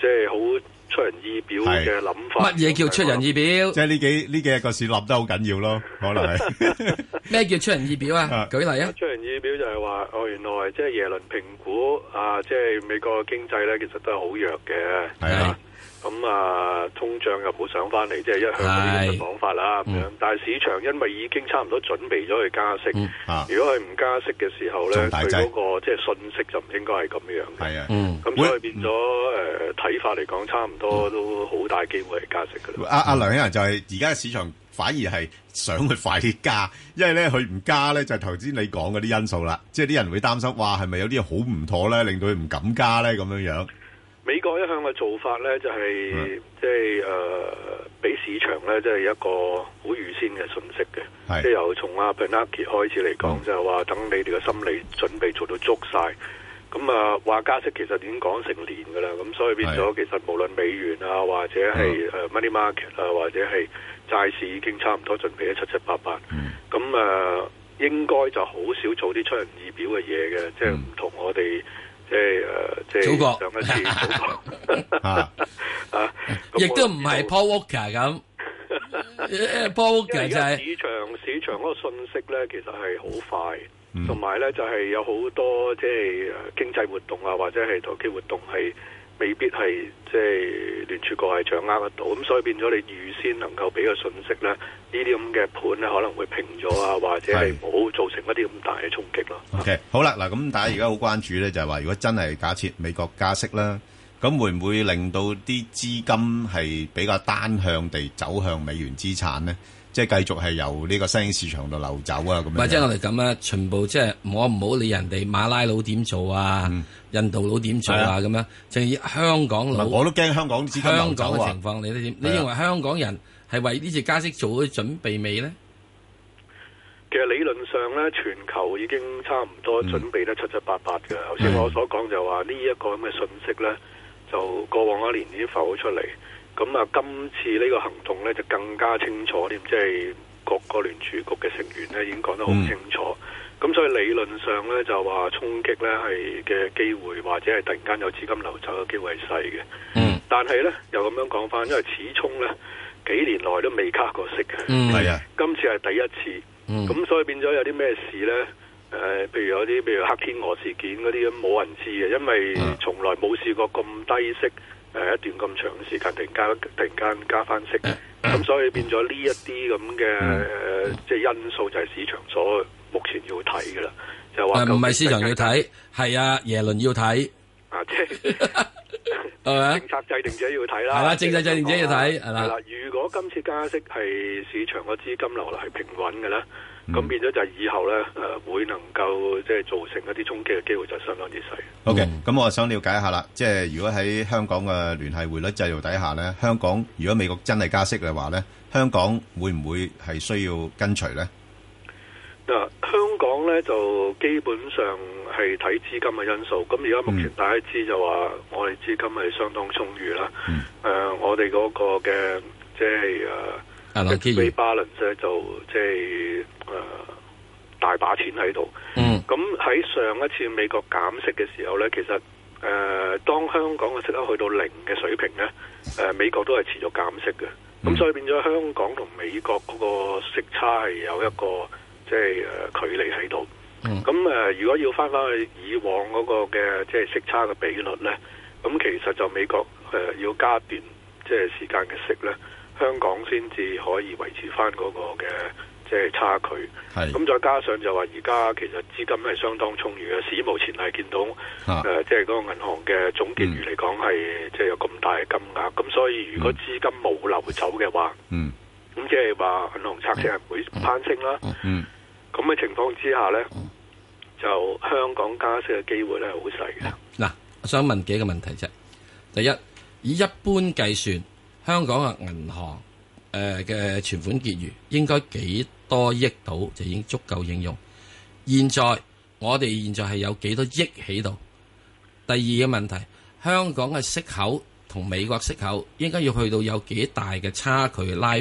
即係好出人意表嘅諗法。乜嘢叫出人意表？即係呢幾呢幾日個事立得好緊要咯，可能係咩 [LAUGHS] 叫出人意表 [LAUGHS] 啊？舉例啊，出人意表就係話哦，原來即係耶倫評估啊，即、就、係、是、美國經濟咧，其實都係好弱嘅，係啊。咁啊，通脹又冇上翻嚟，即係一向嗰啲咁講法啦。咁是樣，嗯、但係市場因為已經差唔多準備咗去加息，嗯啊、如果佢唔加息嘅時候咧，佢嗰、嗰個即係信息就唔應該係咁樣嘅。係啊的，咁、嗯、所以變咗誒睇法嚟講，差唔多都好大機會係加息嘅。阿阿、啊、鄺民彬就係而家市場反而係想去快啲加，因為咧佢唔加咧就係頭先你講嗰啲因素啦。即係啲人會擔心，哇，係咪有啲嘢好唔妥咧，令到佢唔敢加咧咁樣樣。美國一向嘅做法呢，就係即係誒俾市場呢，即係一個好預先嘅信息嘅，即係是由從阿 Bernanke 開始嚟講，嗯、就話等你哋嘅心理準備做到足晒。咁啊、呃，話加息其實已經講成年噶啦，咁所以變咗是其實無論美元啊，或者係 money market 啊，或者係債市已經差唔多準備得七七八八。咁啊、嗯呃，應該就好少做啲出人意表嘅嘢嘅，即係唔同我哋。嗯即係誒，即、呃、係國上一次啊 [LAUGHS] [LAUGHS] 啊，亦都唔係 Paul Walker 咁。Paul Walker 就係市場 [LAUGHS] 市場嗰個信息咧，其實係好快，同埋咧就係、是、有好多即係經濟活動啊，或者係投機活動係。未必係即係聯儲局係掌握得到，咁所以變咗你預先能夠俾個信息咧，呢啲咁嘅盤咧可能會平咗啊，或者係冇造成一啲咁大嘅衝擊咯。是是 OK，好啦，嗱咁大家而家好關注咧，就係、是、話如果真係假設美國加息啦，咁會唔會令到啲資金係比較單向地走向美元資產咧？即係繼續係由呢個新興市場度流走啊咁、就是、樣，即係我哋咁啦，全部即係我唔好理人哋馬拉佬點做啊，嗯、印度佬點做啊咁、嗯、樣，正係香港佬。我都驚香港、啊、香港嘅情況你、啊、你認為香港人係為呢次加息做咗準備未呢？其實理論上咧，全球已經差唔多準備得七七八八噶。頭先、嗯、我所講就話呢一個咁嘅信息咧，就過往一年已經浮咗出嚟。咁啊，今次呢個行動呢就更加清楚啲，即係各個聯儲局嘅成員呢已經講得好清楚。咁、嗯、所以理論上呢，就話衝擊呢係嘅機會，或者係突然間有資金流走嘅機會係細嘅。嗯，但係呢，又咁樣講翻，因為始終呢幾年內都未加過息嘅，係啊、嗯，今、嗯、次係第一次。咁、嗯、所以變咗有啲咩事呢？誒、呃，譬如有啲，譬如黑天鵝事件嗰啲咁冇人知嘅，因為從來冇試過咁低息。誒、呃，一段咁長嘅時間突然間突然間加翻息，咁所以變咗呢一啲咁嘅即係因素就係市場所目前要睇噶啦，就話唔係市場要睇，係啊耶倫要睇啊，即係 [LAUGHS] [LAUGHS] [LAUGHS] 政策制定者要睇啦，係啦、 [LAUGHS] 啊、政策制定者要睇，係啦， [LAUGHS] 如果今次加息係市場個資金流係平穩噶啦。咁 [MUSIC] 變咗就係以後咧，誒會能夠即係、呃呃呃、造成一啲衝擊嘅機會就相當之細。OK，咁、嗯、我想了解一下啦，即係如果喺香港嘅聯繫匯率制度底下咧，香港如果美國真係加息嘅話咧，香港會唔會係需要跟隨咧？誒、呃，香港咧就基本上係睇資金嘅因素。咁而家目前大家知就話，嗯、我哋資金係相當充裕啦。誒、嗯呃，我哋嗰個嘅即係誒。呃呃呃嗯嗯嗯嗯嗯嗯一啲尾 balance 咧就即係誒大把錢喺度。嗯。咁喺上一次美國減息嘅時候咧，其實誒、呃、當香港嘅息率去到零嘅水平咧，誒、呃、美國都係持續減息嘅。咁、嗯、所以變咗香港同美國嗰個息差係有一個即係誒距離喺度。咁誒、嗯、如果要翻翻去以往嗰個嘅即係息差嘅比率咧，咁其實就美國誒、呃、要加一段即係時間嘅息咧。香港先至可以維持翻嗰個嘅即係差距，咁是再加上就話而家其實資金係相當充裕嘅，史無前例見到誒，即係嗰個銀行嘅總結餘嚟講係即係有咁大嘅金額，咁所以如果資金冇流走嘅話，咁即係話銀行拆息係唔會攀升啦。咁嘅、嗯嗯嗯嗯、情況之下咧，就香港加息嘅機會咧係好細嘅。嗱、嗯，我、嗯嗯、想問幾個問題啫。第一，以一般計算。香港嘅銀行，誒、呃、嘅存款結餘應該幾多億到就已經足夠應用。現在我哋現在係有幾多億喺度？第二個問題，香港嘅息口同美國息口應該要去到有幾大嘅差距拉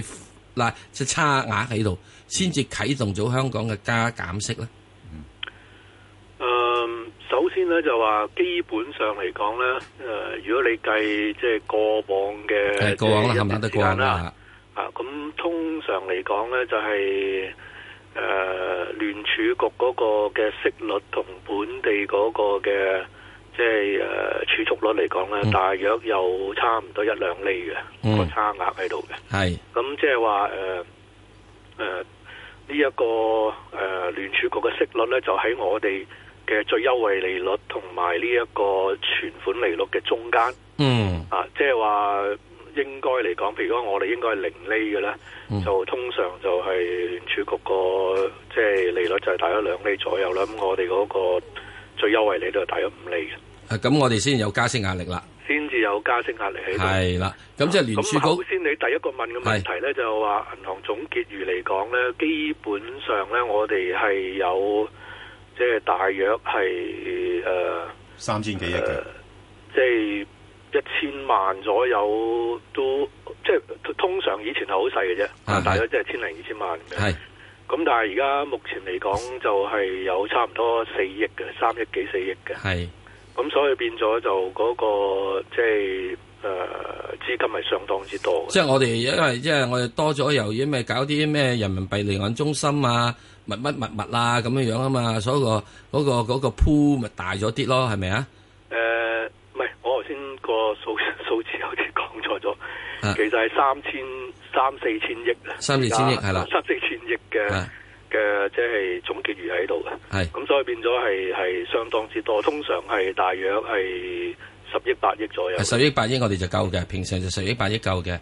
拉即差額喺度，先至啟動咗香港嘅加減息咧。首先咧就話，基本上嚟講咧，誒，如果你計即係過往嘅，係過往啦，得過啦，吓，啊，咁通常嚟講咧就係誒聯儲局嗰個嘅息率同本地嗰個嘅即係誒儲蓄率嚟講咧，嗯、大約有差唔多一兩厘嘅、嗯呃呃個差額喺度嘅。係、呃，咁即係話誒誒呢一個誒聯儲局嘅息率咧就喺我哋。嘅最優惠利率同埋呢一個存款利率嘅中間，嗯啊，即係話應該嚟講，譬如講我哋應該係零厘嘅咧，嗯、就通常就係聯儲局個即係利率就係大約兩厘左右啦。咁我哋嗰個最優惠利率係大約五厘，嘅、啊。咁我哋先有加息壓力啦，先至有加息壓力喺度。係啦，咁即係聯儲局先。啊、你第一個問嘅問題咧，的就係話銀行總結餘嚟講咧，基本上咧，我哋係有。即係大約係誒、呃、三千幾億嘅，即係、呃就是，一千萬左右都即係通常以前係好細嘅啫，的大約即係千零二千萬咁樣。係的，咁但係而家目前嚟講就係有差唔多四億嘅，的三億幾四億嘅。係的，咁所以變咗就嗰，那個即係誒資金係相當之多即。即係我哋因為即係我哋多咗，由於咩搞啲咩人民幣離岸中心啊。密密密密啦，咁樣樣啊嘛，所以個嗰個嗰個 pool 咪大咗啲咯，係咪啊？誒，唔係，我頭先個數數字好似講錯咗，其實係三千三四千億啦，三四千億係啦，三四千億嘅嘅即係總結餘喺度嘅，係。咁所以變咗係係相當之多，通常係大約係十億八億左右。十億八億我哋就夠嘅，平常就十億八億夠嘅。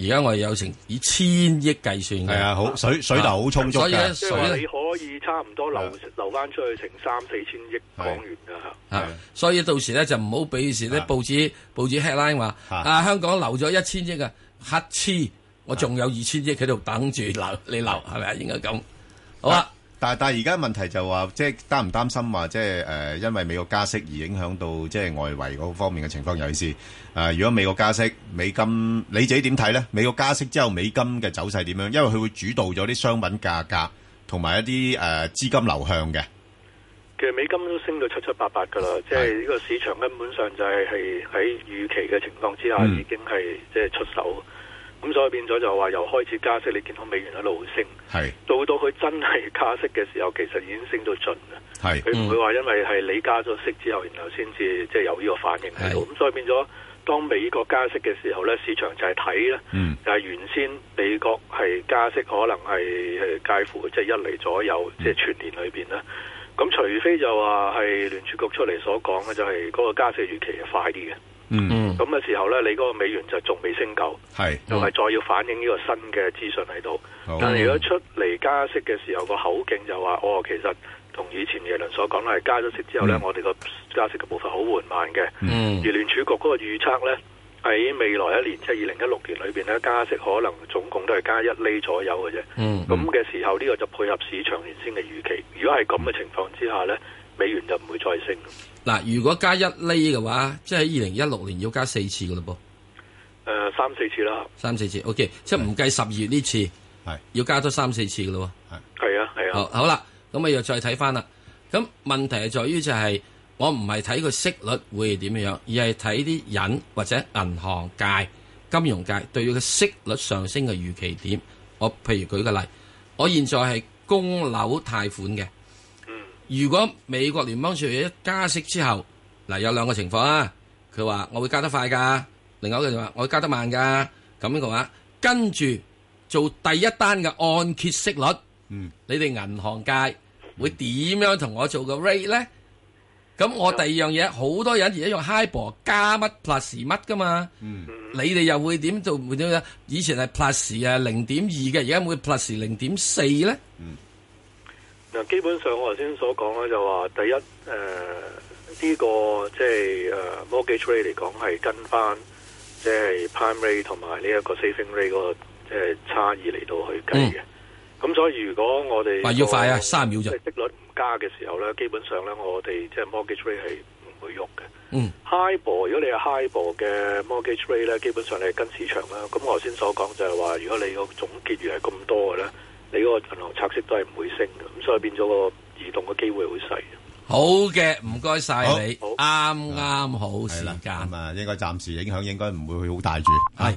而家我哋有成以千億計算嘅，係啊，好水水頭好充足嘅，所以咧即係話你可以差唔多流流翻出去成三四千億港元啊，嚇，嚇，所以到時咧就唔好俾時咧報紙報紙 headline 話，啊香港留咗一千億啊黑痴，我仲有二千億喺度等住留你留係咪啊？應該咁好啊。但係但係而家問題就話，即係擔唔擔心話，即係誒因為美國加息而影響到即係外圍嗰方面嘅情況，尤其是，誒，如果美國加息，美金你自己點睇咧？美國加息之後，美金嘅走勢點樣？因為佢會主導咗啲商品價格同埋一啲誒資金流向嘅。其實美金都升到七七八八㗎喇，即係呢個市場根本上就係係喺預期嘅情況之下已經係即係出手。咁所以變咗就係話，由開始加息，你見到美元一路升，係是到到佢真係加息嘅時候，其實已經升到盡啦。係佢唔會話因為係你加咗息之後，然後先至即係有呢個反應。喺度是。咁，所以變咗當美國加息嘅時候咧，市場就係睇咧，嗯、就係原先美國係加息可能係係介乎即係、就是、一釐左右，即、就、係、是、全年裏邊啦。咁、嗯、除非就話係聯儲局出嚟所講嘅，就係、是、嗰個加息預期係快啲嘅。嗯，咁嘅時候咧，你嗰個美元就仲未升夠，係，又、嗯、係再要反映呢個新嘅資訊喺度。好但係如果出嚟加息嘅時候，個、嗯、口徑就話，哦，其實同以前耶倫所講咧，係加咗息之後咧，嗯、我哋個加息嘅步伐好緩慢嘅。嗯、而聯儲局嗰個預測咧，喺未來一年，即係二零一六年裏邊咧，加息可能總共都係加一厘左右嘅啫。嗯。咁嘅時候，呢、這個就配合市場原先嘅預期。如果係咁嘅情況之下咧，美元就唔會再升。嗱，如果加一厘嘅話，即係二零一六年要加四次嘅咯噃，誒，三四次啦，三四次，OK，即係唔計十二月呢次，係要加多三四次嘅咯，係，係啊，係啊，好啦，咁啊又再睇翻啦，咁問題係在於就係我唔係睇個息率會係點樣，而係睇啲人或者銀行界、金融界對於個息率上升嘅預期點。我譬如舉個例，我現在係供樓貸款嘅。如果美國聯邦儲備一加息之後，嗱，有兩個情況啊，佢話我會加得快噶，另一個就話我會加得慢噶，咁樣嘅話。跟住做第一單嘅按揭息率，嗯，你哋銀行界會點樣同我做個 rate 咧？咁我第二樣嘢，好多人而家用 HIBOR 加乜 plus 乜噶嘛，嗯，你哋又會點做？會點樣？以前係 plus 啊零點二嘅，而家會 plus 零點四咧。嗱，基本上我頭先所講咧就話，第一，誒呢個即係誒 mortgage rate 嚟講係跟翻即係 prime rate 同埋呢一個 saving rate 個即係差異嚟到去計嘅。咁所以如果我哋話要快啊，三秒就息率唔加嘅時候咧，基本上咧我哋即係 mortgage rate 係唔會喐嘅。嗯，highball 如果你係 highball 嘅 mortgage rate 咧，基本上你係跟市場啦。咁我頭先所講就係話，如果你個總結餘係咁多嘅咧。你嗰個銀行拆息都係唔會升嘅，咁所以變咗個移動嘅機會好細。好嘅，唔該晒。你，啱啱好，好時間。咁啊，應該暫時影響應該唔會好大住。係。